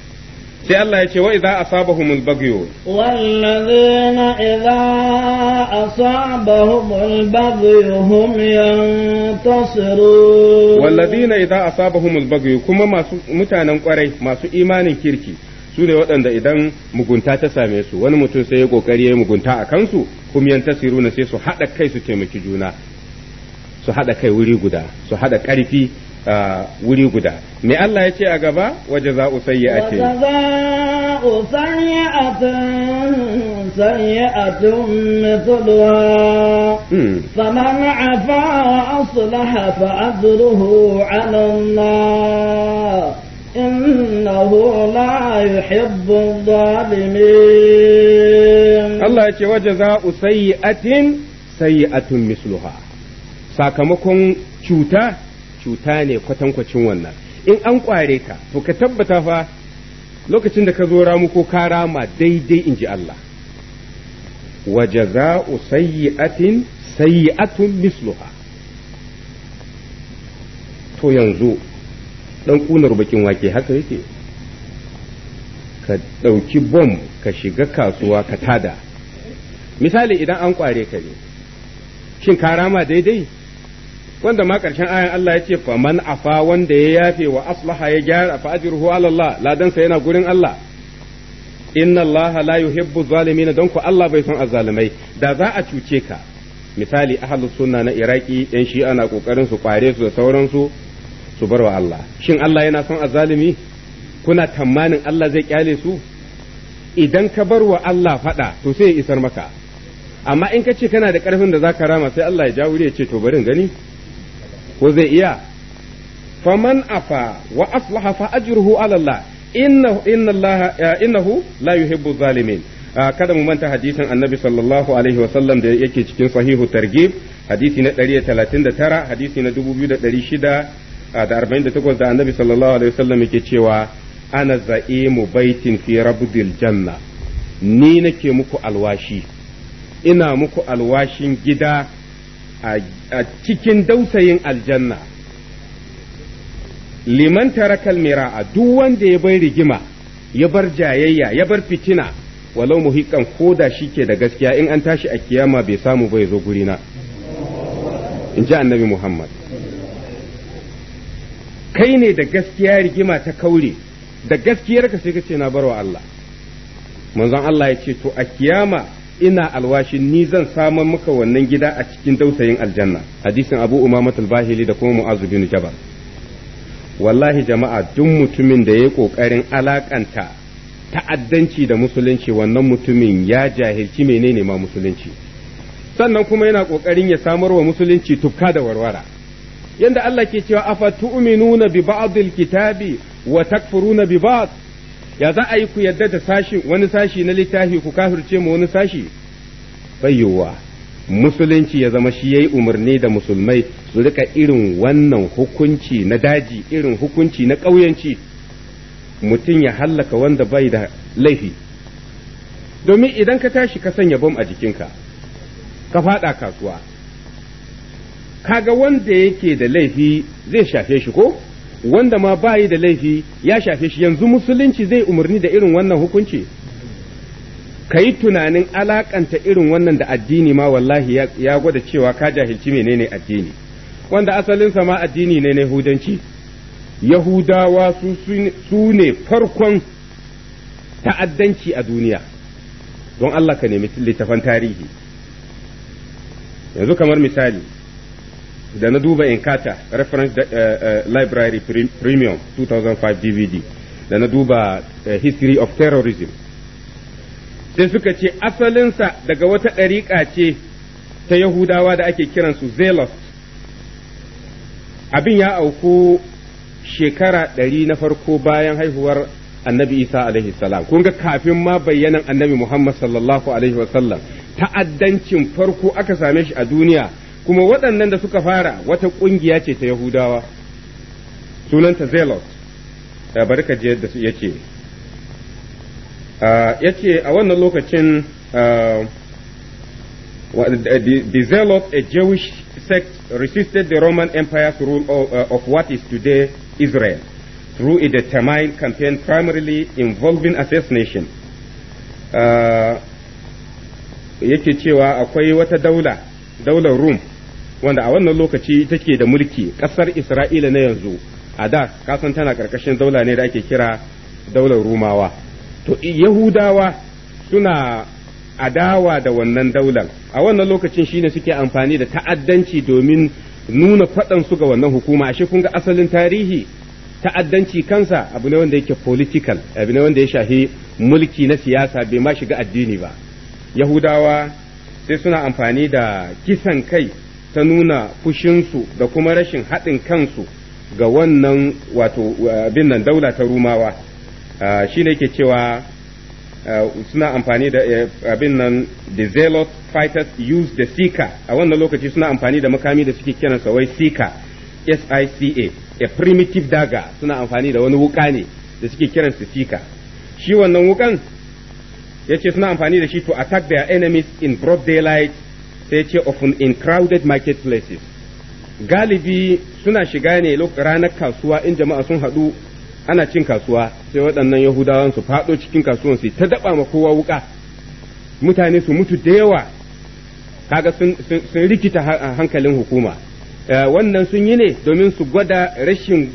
sai Allah ya ce wa idza asabahumul baghyu wallazina idza asabahumul baghyu hum yantasiru wallazina idza asabahumul baghyu kuma masu mutanen kwarai masu imanin kirki su ne waɗanda idan mugunta ta same su wani mutum sai ya kokari ya mugunta a kansu kuma na sai su haɗa kai su taimaki juna su haɗa kai wuri guda su haɗa ƙarfi wuri guda me Allah ya ce a gaba waje za'u sayyi'atin waje za'u sayyi'atin sayyi'atun mithluha hmm. faman afa wa aslaha fa ajruhu 'ala Allah innahu la yuhibbu adh-dhalimin Allah ya ce waje atin sayyi'atin atun misluha. sakamakon cuta cuta ne kwatankwacin wannan in an kware ka to ka tabbata fa lokacin da ka zo ramu ko ka rama daidai in ji Allah wa jaza'u sayyi'atin sayyi'atun misluha to yanzu dan kunar bakin wake haka yake ka ɗauki bom ka shiga kasuwa ka tada misali idan an kware ka ne shin ka rama daidai wanda ma karshen ayan Allah ya ce faman afa wanda ya yafe wa aslaha ya gyara fa ajruhu ala Allah ladansa yana gurin Allah inna Allah la yuhibbu zalimin don ku Allah bai son azzalimai da za a cuce ka misali ahlus sunna na iraki yan shi ana kokarin su kware su da sauran su bar wa Allah shin Allah yana son azzalimi kuna tamanin Allah zai kyale su idan ka bar wa Allah fada to sai ya isar maka amma in ka ce kana da karfin da zaka rama sai Allah ya jawo ya ce to barin gani ko zai iya faman afa wa aslaha fa ajruhu ala Allah innahu inna Allah eh, innahu la yuhibbu zalimin ah, kada mu manta hadisin annabi sallallahu alaihi wa sallam da yake cikin sahihu targhib hadisi na 139 hadisi na 2600 da 48 ah, da annabi sallallahu alaihi wa wasallam yake cewa ana za'imu baitin fi rabdil janna ni nake muku alwashi ina muku alwashin gida a cikin dausayin aljanna liman tarakal mira'a duk wanda ya bar rigima ya bar jayayya ya bar fitina walau ko koda shi ke da gaskiya in an tashi a kiyama bai samu ba ya zo gurina in ji annabi muhammad kai ne da gaskiya rigima ta kaure da gaskiyarka sai ka ce na barwa Allah manzon Allah ya ce to a kiyama ina alwashi ni zan samar muka wannan gida a cikin dausayin aljanna hadisin abu umama bahili da kuma mu'azu bin jabal wallahi jama'a duk mutumin da ya yi kokarin alakanta ta'addanci da musulunci wannan mutumin ya jahilci menene ma musulunci sannan kuma yana kokarin ya samar wa musulunci tufka da warwara yanda Allah ke cewa afa tu'minuna bi ba'dil kitabi wa takfuruna bi ba'd ya za a yi ku yadda da sashi wani sashi na littafi ku kafirce mu wani sashi bayyuwa musulunci ya zama shi yayi umarni da musulmai su rika irin wannan hukunci na daji irin hukunci na ƙauyanci mutum ya hallaka wanda bai da laifi domin idan ka tashi ka sanya bom a jikinka ka faɗa kasuwa kaga wanda yake da laifi zai shafe shi ko wanda ma ba yi da laifi ya shafe shi yanzu musulunci zai umarni da irin wannan hukunci ka yi tunanin alakanta irin wannan da addini ma wallahi ya gwada cewa ka jahilci menene addini wanda asalinsa ma addini ne na yahudanci yahudawa su ne farkon ta'addanci a duniya don Allah ka nemi littafan tarihi yanzu kamar misali da na duba inkata reference eh, eh, library premium 2005 dvd da na duba eh, history of terrorism sai suka ce asalinsa daga wata ɗariƙa ce ta yahudawa da ake kiransu zelos abin ya auku shekara ɗari na farko bayan haihuwar annabi isa alaihi salam kun kafin ma bayyanan annabi muhammad sallallahu alaihi wasallam ta'addancin farko aka same shi a duniya kuma waɗannan da suka fara wata ƙungiya ce ta Yahudawa sunanta Zelot bari ka da su yake ah, yace a wannan lokacin ah, the Zelot a Jewish sect resisted the Roman Empire's rule uh, of, uh, what is today Israel through a determined campaign primarily involving assassination uh, ah, yake cewa akwai wata daula daular Rome wanda a wannan lokaci take da mulki ƙasar Isra'ila na yanzu a da kasan tana ƙarƙashin daula ne da ake kira daular Rumawa to Yahudawa suna adawa da wannan daular a wannan lokacin shine suke amfani da ta'addanci domin nuna faɗan su ga wannan hukuma ashe kun ga asalin tarihi ta'addanci kansa abu ne wanda yake political abu ne wanda ya shafi mulki na siyasa bai ma shiga addini ba yahudawa sai suna amfani da kisan kai ta nuna fushinsu da kuma rashin haɗin kansu ga wannan wato eh, abin nan daula ta rumawa ah, shi ne ke cewa eh, suna amfani da eh, abin nan the zealot fighters use the seeker a wannan lokaci suna amfani da makami da suke sa wai seeker S-I-C-A a primitive dagger suna amfani da wani wuka ne da suke sa seeker shi wannan wukan ya ce suna amfani da shi to attack their enemies in broad daylight sai ce often in crowded market places galibi suna shiga ne ranar kasuwa in jama'a sun haɗu ana cin kasuwa sai waɗannan yahudawan su faɗo cikin kasuwan su ta daɓa ma kowa wuƙa mutane su mutu da yawa kaga sun rikita hankalin hukuma eh, wannan sun yi ne domin su gwada rashin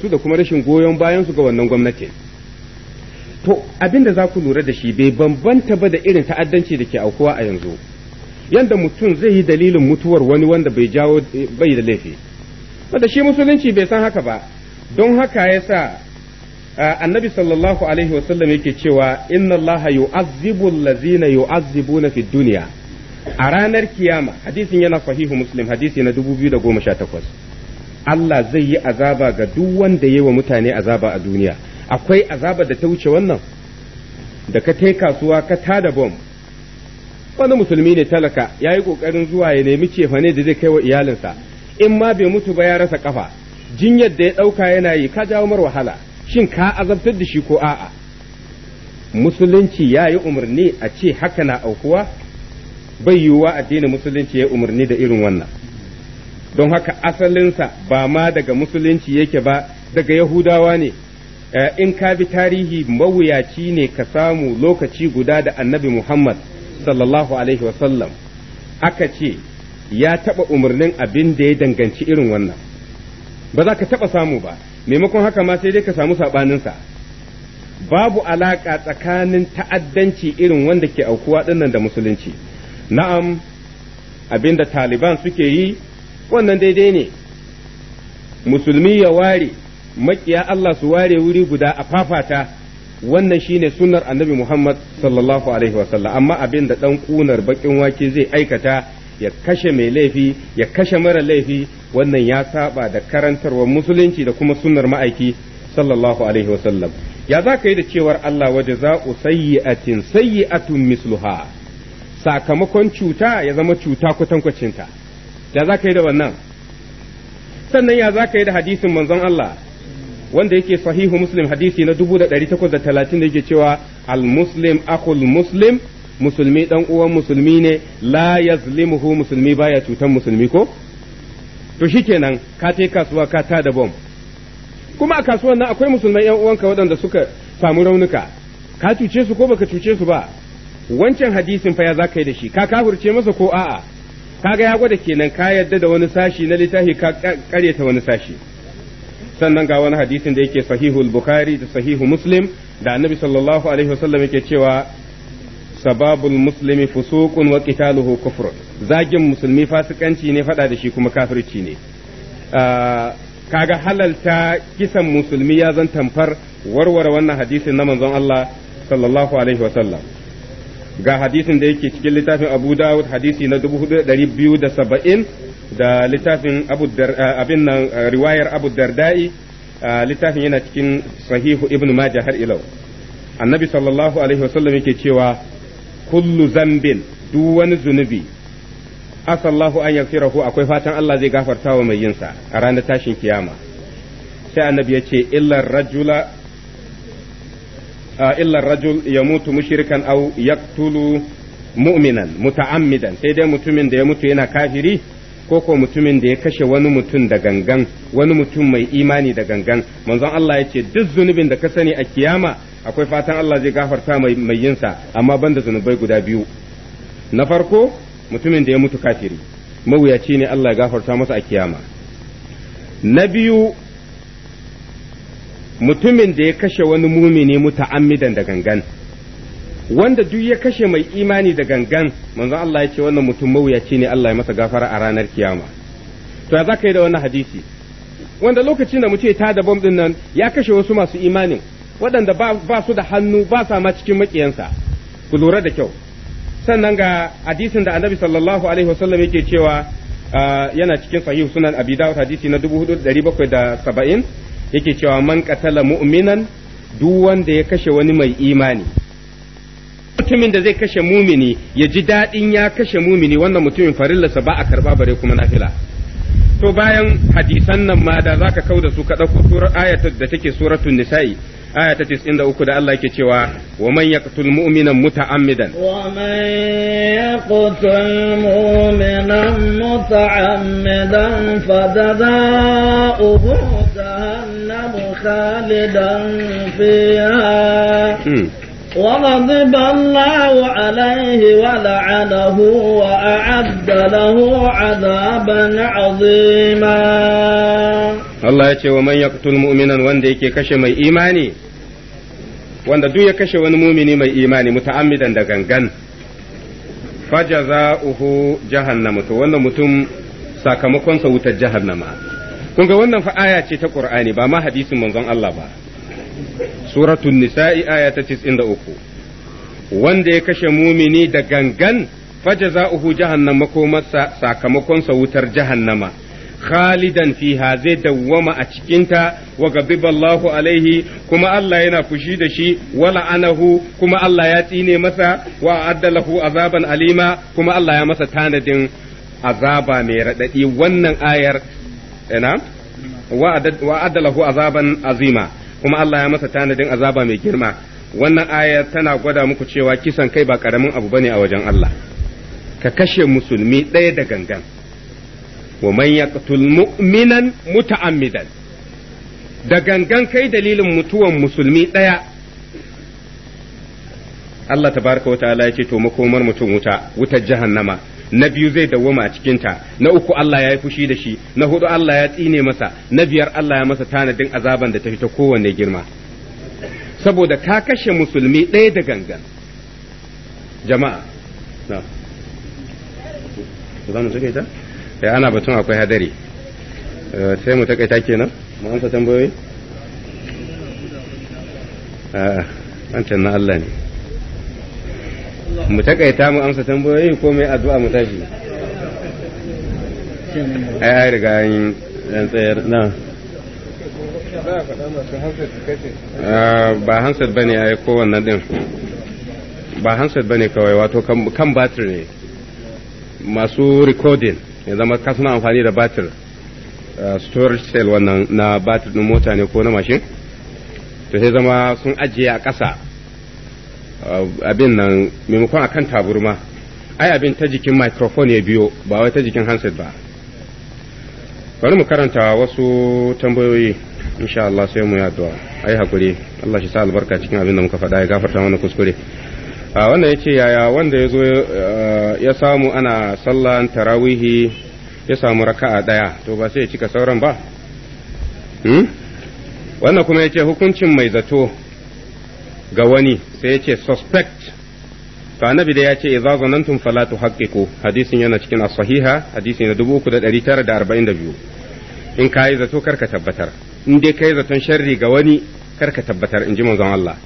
su da kuma rashin goyon bayan su ga wannan gwamnati to abin da za ku lura da shi bai bambanta ba da irin ta'addanci da ke aukuwa a yanzu yanda mutum zai yi dalilin mutuwar wani wanda bai jawo bai da laifi wanda shi musulunci bai san haka ba don haka yasa annabi sallallahu alaihi wasallam yake cewa inna allaha yu'azzibu allazina yu'azzibuna fid dunya a ranar kiyama hadisin yana sahihu muslim hadisi na 2018 Allah zai yi azaba ga duk wanda yi wa mutane azaba a duniya akwai azaba da ta wuce wannan da ka tai kasuwa ka tada bomb wani musulmi ne talaka ya yi ƙoƙarin zuwa ya nemi cefane da zai kai wa iyalinsa in ma bai mutu ba ya rasa kafa jinyar da ya ɗauka yana yi ka jawo mar wahala shin ka azabtar da shi ko a'a musulunci ya yi umarni a ce haka na aukuwa bai yiwuwa addinin musulunci ya yi umarni da irin wannan don haka asalinsa ba ma daga musulunci yake ba daga yahudawa ne eh, in ka bi tarihi mawuyaci ne ka samu lokaci guda da annabi muhammad sallallahu alaihi wasallam aka ce ya taɓa umarnin abin da ya danganci irin wannan ba za ka taɓa samu ba maimakon haka ma sai dai ka samu saɓaninsa babu alaƙa tsakanin ta'addanci irin wanda ke aukuwa ɗinnan da musulunci na'am abin da taliban suke yi wannan daidai ne musulmi ya ware makiya Allah su ware wuri guda a fafata wannan shine sunar annabi Muhammad sallallahu alaihi wasallam amma abin da dan kunar bakin wake zai aikata ya kashe mai laifi ya kashe mara laifi wannan ya saba da karantarwar musulunci da kuma sunar ma'aiki sallallahu alaihi wasallam ya za ka yi da cewar Allah waje wa jaza'u sayyi'atin sayyi'atun misluha sakamakon cuta ya zama cuta kwatankwacinta ya za ka yi da wannan sannan ya za ka yi da hadisin manzon Allah wanda yake sahihu muslim hadisi na dubu da takwas da da talatin yake cewa al muslim akul muslim musulmi dan uwan musulmi ne la yazlimuhu musulmi baya cutan musulmi ko to shikenan ka yi kasuwa ka ta da bom kuma a kasuwan nan akwai musulmai yan uwanka waɗanda suka samu raunuka ka cuce su ko baka cuce su ba wancan hadisin fa ya zaka yi da shi ka kafurce masa ko a'a kaga ya gwada kenan ka yarda da wani sashi na littafi ka karyata wani sashi sannan ga wani hadisin da yake sahihu bukhari da sahihu muslim da annabi sallallahu alaihi wasallam yake cewa sababul muslimi fusuqun wa qitaluhu kufr zagin musulmi fasikanci ne fada da shi kuma kafirci ne ah, kaga halalta kisan musulmi ya zan tamfar warware wannan hadisin na manzon Allah sallallahu alaihi wasallam ga hadisin da yake cikin littafin Abu Dawud hadisi na 4270 da littafin abin nan riwayar abu dardai littafin yana cikin sahihu ibn majah har ilau annabi sallallahu alaihi wasallam yake cewa kullu zambin duk wani zunubi asallahu an yaghfirahu akwai fatan Allah zai gafarta wa mai yinsa a ranar tashin kiyama sai annabi ya ce illar rajula illar rajul ya mutu mushrikan au yaqtulu mu'minan muta'ammidan sai dai mutumin da ya mutu yana kafiri ko ko mutumin da ya kashe wani mutum da gangan wani mutum mai imani da gangan manzon Allah ya ce duk zunubin da ka sani a kiyama akwai fatan Allah zai gafarta mai mai yinsa amma banda zunubai guda biyu na farko mutumin da ya mutu kafiri mawuyaci ne Allah ya gafarta masa a kiyama na biyu mutumin da ya kashe wani mumini muta'ammidan da gangan wanda duk ya kashe mai imani da gangan manzon Allah ya ce wannan mutum mawuyaci ne Allah ya masa gafara a ranar kiyama to ya zaka yi da wannan hadisi wanda lokacin da mu ta ta bom din nan ya kashe wasu masu imanin waɗanda ba su da hannu ba sa ma cikin makiyansa ku lura da kyau sannan ga hadisin da annabi sallallahu alaihi wasallam yake cewa yana cikin sahih sunan abi dawud hadisi na 4770 yake cewa man qatala mu'minan duk wanda ya kashe wani mai imani mutumin da zai kashe mumini ya ji daɗin ya kashe mumini wannan mutumin farillarsa ba a karba bare kuma nafila to bayan hadisan nan ma da zaka kau da su ka ɗauko surar ayatul da take suratul nisa'i aya ta 93 da Allah yake cewa wa man yaqtul mu'mina muta'ammidan wa man yaqtul mu'mina muta'ammidan fadada'uhu jahannam khalidan fiha hmm. وغضب الله عليه ولعنه وأعد له عذابا عظيما الله يتي ومن يقتل مؤمنا وان ديكي كشي مي إيماني وان دو يكشي وان مؤمني مي إيماني متعمدا دغنغن فجزاؤه جهنم تو وان متم sakamakon sa wutar jahannama kun ga wannan fa aya ce ta Qur'ani ba ma hadisin manzon Allah ba suratun nisa'i aya ta 93 wanda ya kashe mumini da gangan fajaza'uhu jahannam makomarsa sa wutar jahannama khalidan fiha zai dawwama a cikinta wa gabiballahu alaihi kuma Allah yana fushi da shi wala anahu kuma Allah ya tsine masa wa addalahu azaban alima kuma Allah ya masa tanadin azaba mai raɗaɗi wannan ayar ina wa addalahu azaban azima kuma Allah ya masa tanadin azaba mai girma wannan aya tana gwada muku cewa kisan kai ba karamin abu bane a wajen Allah ka kashe musulmi ɗaya da gangan wa man yaqtul mu'minan muta'ammidan da gangan kai dalilin mutuwan musulmi ɗaya Allah tabaraka wa ta'ala ya ce to makomar mutum wuta wutar jahannama na biyu zai dawwama a cikinta na uku Allah ya yi fushi da shi na hudu Allah ya tsine masa na biyar Allah ya masa tanadin azaban da ta fita kowanne girma saboda ka kashe musulmi ɗaya da gangan jama'a na mu takaita ya eh, ana batun akwai hadari eh, sai mu takaita kenan mu amsa tambayoyi eh, an na Allah ne mu takaita mu amsa tambayoyi ko mai addu'a mu tashi ai ai riga yin dan tsayar na ah, ba hansar bane ai ko wannan din ba hansar bane kawai wato kan batir ne masu recording ya zama ka suna amfani da batir ah, storage cell wannan na batir din mota ne ko na mashin to sai zama sun ajiye a ƙasa Uh, abin nan maimakon akan taburma ai abin ta jikin microphone ya biyo ba wai ta jikin handset ba bari mu karanta wasu tambayoyi insha Allah sai mu yi addu'a ai hakuri Allah shi sa albarka cikin abin da muka faɗa ya gafarta mana kuskure a uh, wannan yace yaya wanda yazo uh, ya samu ana sallan tarawihi ya samu raka'a daya to ba sai ya cika sauran ba hmm? wannan kuma yace hukuncin mai zato ga wani sai ya ce suspect to annabi da ya ce idza zanantum fala tuhaqqiqu hadisin yana cikin as-sahiha hadisi na 3942 in kai zato karka tabbatar in dai kai zaton sharri ga wani karka tabbatar in ji manzon Allah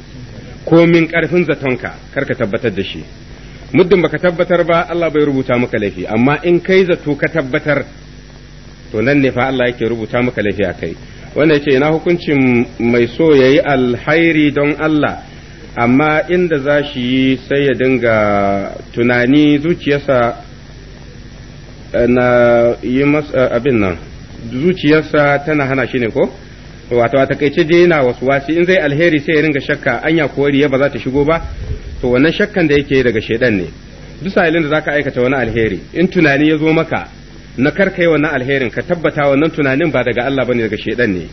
min karfin zatonka karka tabbatar da shi muddin baka tabbatar ba Allah bai rubuta maka laifi amma in kai zato ka tabbatar to nan ne fa Allah yake rubuta maka laifi a kai wanda yace ina hukuncin mai so yayi alhairi don Allah amma inda za shi yi sai ya dinga tunani zuciyarsa eh, na yi masa eh, abin nan zuciyarsa tana hana shi ne ko wato a takaice dai yana wasu wasi in zai alheri sai ya ringa shakka anya koriya ba za ta shigo ba to wannan shakkan da yake daga shedan ne duk sa'ilin da zaka aikata wani alheri in tunani ya zo maka na karkai wannan alherin ka tabbata wannan tunanin ba daga Allah bane daga shedan ne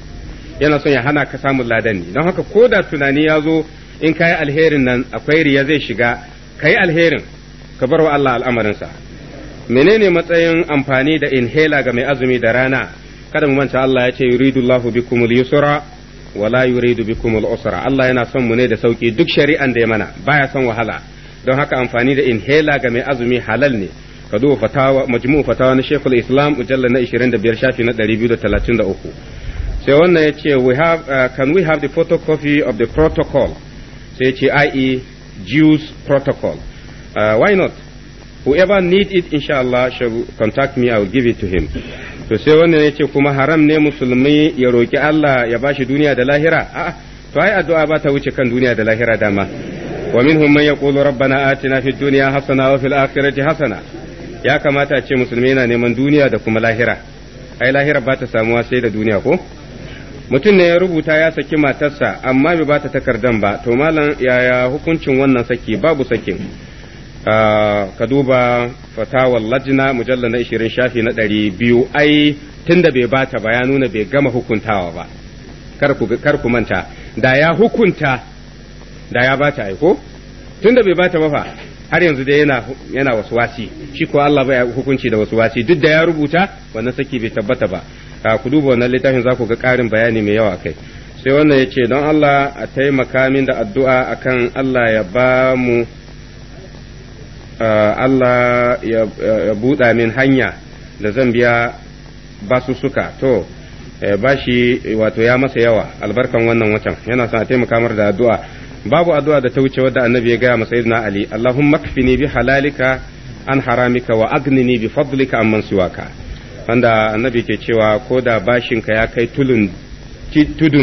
yana son ya hana ka samun ladan ne don haka ko da tunani ya zo in ka yi alherin nan akwai riya zai shiga kayi alherin ka bar wa Allah al'amarinsa menene matsayin amfani da inhaler ga mai azumi da rana kada mu manta Allah ya ce bikum al yusra wala yuridu al usra Allah yana son mu ne da sauki duk shari'an da ya mana baya son wahala don haka amfani da inhaler ga mai azumi halal ne ka duba fatawa majmu fatawa na Sheikhul Islam mujallal na 25 shafi na 233 sai wannan ya ce we have uh, can we have the photocopy of the protocol sai ce ie eh, Jews protocol uh, why not whoever need it insha Allah shall contact me I will give it to him to sai wannan yace kuma haram ne musulmi ya roki Allah ya bashi duniya da lahira a'a to ai addu'a ba ta wuce kan duniya da lahira dama wa minhum man yaqulu rabbana atina fid dunya hasana wa fil akhirati hasana ya kamata a ce musulmi yana neman duniya da kuma lahira ai lahira ba ta samuwa sai da duniya ko mutum ne ya rubuta ya saki matarsa amma bai ba ta takardan ba to malam yaya hukuncin wannan saki babu sakin ah, ka duba fatawar lajina mujallar na 20 shafi na 200 ai tunda bai ta ba ya nuna bai gama hukuntawa ba kar ku manta da ya hukunta da ya ba ta aiko tunda bai ba ta ba fa har yanzu dai yana yana wasi shi ko Allah bai hukunci da wasi duk da ya rubuta wannan saki bai tabbata ba a ku duba wannan littafin za ku ga ƙarin bayani mai yawa kai sai wannan ya ce don Allah a taimaka min da addu'a akan Allah ya ba mu Allah ya buɗa min hanya da zan biya basu suka to eh, bashi wato ya masa yawa albarkan wannan watan yana son a taimaka mar da addu'a babu addu'a da ta wuce wadda annabi ya gaya masa sayyidina ali allahumma kfini bi halalika an haramika wa agnini bi fadlika amman siwaka wanda annabi ke cewa ko da bashinka ya kai tudun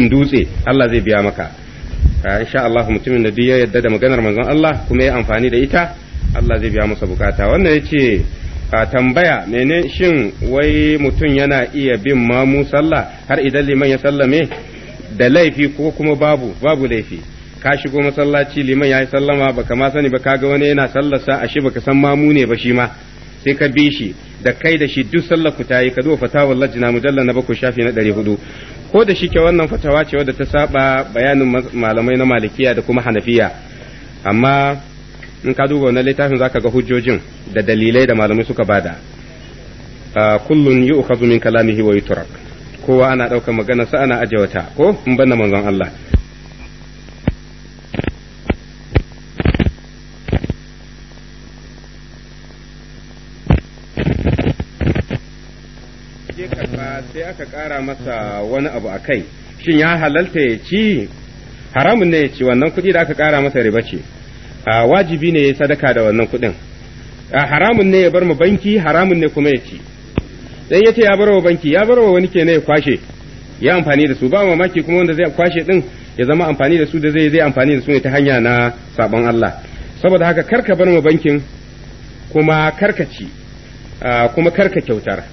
dutse Allah zai biya maka ah, insha Allah mutumin da duk ya yadda da maganar manzon Allah kuma ya amfani da ita Allah zai biya masa bukata wannan yace a tambaya mene shin wai mutum yana iya bin mamu sallah har idan liman ya sallame da laifi ko kuma babu babu laifi ka shigo masallaci liman ya yi sallama baka ma sani ba kaga wani yana sallarsa ashe baka san mamu ne ba shi ma sai ka bi shi da kai da shi duk sallar ku ta yi ka zo fatawar lajina mujalla na bakwai shafi na ɗari hudu ko da shi ke wannan fatawa ce wadda ta saba bayanin malamai na malikiya da kuma hanafiya amma in ka duba wannan littafin zaka ga hujjojin da dalilai da malamai suka bada kullun yu'khadhu min kalamihi wa yutrak kowa ana ɗaukar magana sa ana aje wata ko in banna manzon Allah aka ƙara masa wani abu a kai shin ya halalta ya ci haramun ne ya ci wannan kuɗi da aka ƙara masa riba ce wajibi ne ya sadaka da wannan kuɗin haramun ne ya bar ma banki haramun ne kuma ya ci dan yace ya bar wa banki ya bar wa wani kenan ya kwashe ya amfani da su ba mamaki kuma wanda zai kwashe din ya zama amfani da su da zai zai amfani da su ne ta hanya na sabon Allah saboda haka karka bar ma bankin kuma karka ci kuma karka kyautar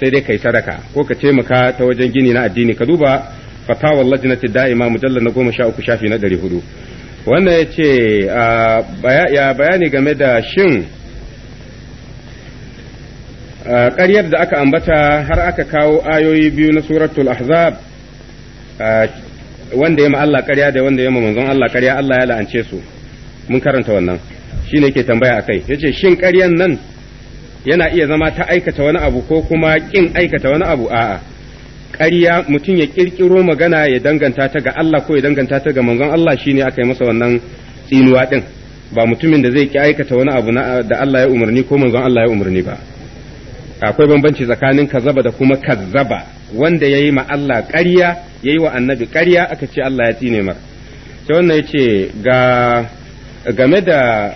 sai dai kai sadaka ko ka taimaka ta wajen gini na addini ka duba fatawar lajnati da'ima mujallar na goma sha uku shafi na ɗari hudu wannan ya ce ya bayani game da shin ƙaryar da aka ambata har aka kawo ayoyi biyu na suratul ahzab wanda ya ma Allah ƙarya da wanda ya ma manzon Allah ƙarya Allah ya la'ance su mun karanta wannan shine ke tambaya akai yace shin ƙaryan nan yana iya zama ta aikata wani abu ko kuma ƙin aikata wani abu a'a ƙarya mutum ya ƙirƙiro magana ya danganta ta ga Allah ko ya danganta ta ga manzon Allah shine aka yi masa wannan tsinuwa ɗin ba mutumin da zai ƙi aikata wani abu da Allah ya umarni ko manzon Allah ya umarni ba akwai bambanci tsakanin kazzaba da kuma kazzaba wanda ya yi ma Allah ƙarya ya yi wa annabi ƙarya aka ce Allah ya tsine mar sai wannan ya ce ga game da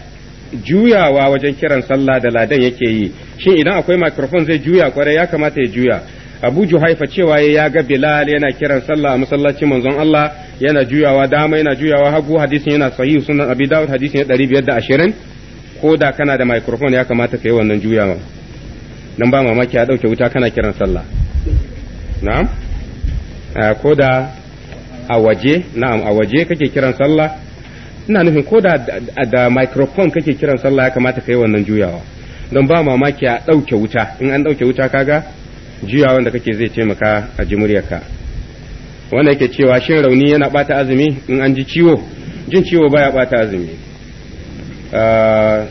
juyawa wajen kiran sallah da ladan yake yi shi idan akwai microphone zai juya kwarai ya kamata ya juya abu juhaifa cewa ya ga bilal yana kiran sallah a masallacin manzon Allah yana juyawa dama yana juyawa hagu hadisin yana sahihu sunan abi daud hadisin ya 520 ko da kana da microphone ya kamata ka yi wannan juyawa nan ba mamaki ya dauke wuta kana kiran sallah na'am eh, ko da a waje na'am a waje kake kiran sallah ina nufin ko da da microphone kake kiran sallah ya kamata kai wannan juyawa don ba mamaki a ɗauke wuta in an ɗauke wuta kaga juyawa da kake zai taimaka a ji muryarka wanda yake cewa shin rauni yana bata azumi in an ji ciwo jin ciwo baya bata azumi ah,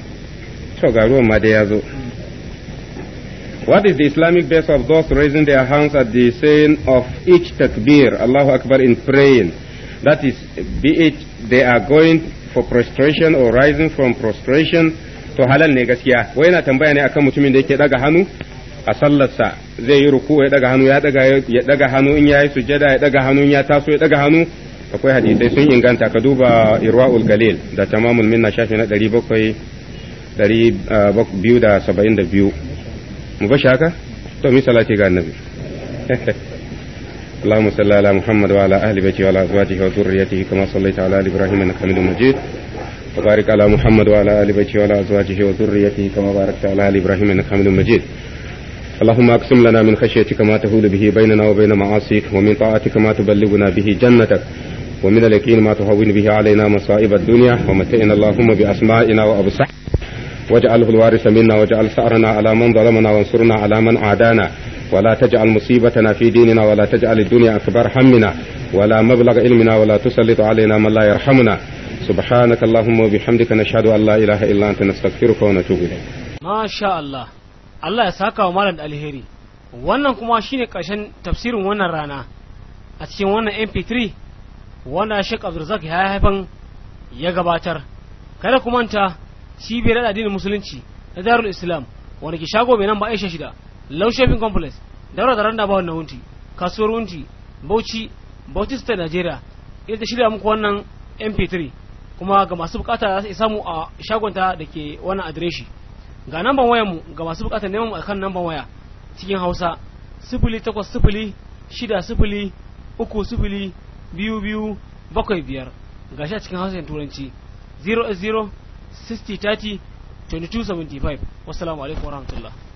to ga ruwan ma da yazo What is the Islamic base of those raising their hands at the saying of each takbir, Allahu Akbar in praying? That is, be it they are going for prostration or rising from prostration to halal ne gaskiya. Wai yana tambaya ne akan mutumin da yake daga hannu a sallarsa zai yi ruku ya daga hannu ya daga ya daga hannu in yayi sujada ya daga hannu ya taso ya daga hannu akwai hadisi sun inganta ka duba irwa'ul galil da tamamul minna shafi na 700 272 ah, mu ba shaka to mi salati ga annabi اللهم صل على محمد وعلى اهل بيته وعلى ازواجه وذريته كما صليت على ال ابراهيم انك حميد مجيد وبارك على محمد وعلى ال بيته وعلى ازواجه وذريته كما باركت على ال ابراهيم انك حميد مجيد اللهم اقسم لنا من خشيتك ما تهول به بيننا وبين معاصيك ومن طاعتك ما تبلغنا به جنتك ومن اليقين ما تهون به علينا مصائب الدنيا ومتئنا اللهم بأسمائنا وأبصارنا واجعله الوارث منا واجعل ثأرنا على من ظلمنا وانصرنا على من عادانا ولا تجعل مصيبتنا في ديننا ولا تجعل الدنيا أكبر همنا ولا wala علمنا ولا تسلط علينا من لا يرحمنا سبحانك اللهم وبحمدك نشهد أن لا إله إلا أنت نستغفرك ونتوب إليك ما شاء الله Allah ya saka wa malam alheri wannan kuma shine karshen tafsirin wannan rana a cikin wannan mp3 wanda Sheikh Abdulrazak ya haifan ya gabatar kada ku manta cibiyar addinin musulunci na Darul Islam wani ki shago mai nan ba Aisha shida low shopping complex daura da randa ba wannan wunti kasuwar wunti bauchi bautista nigeria ita ta shirya muku wannan mp3 kuma ga masu bukata za su samu a shagonta da ke wannan adireshi ga namban wayar mu ga masu bukata neman mu akan namban waya cikin hausa sifili takwas sifili shida sifili uku sifili biyu biyu bakwai biyar ga shi a cikin hausa turanci sixty thirty twenty-two seventy five wasu alaikum warahmatullahi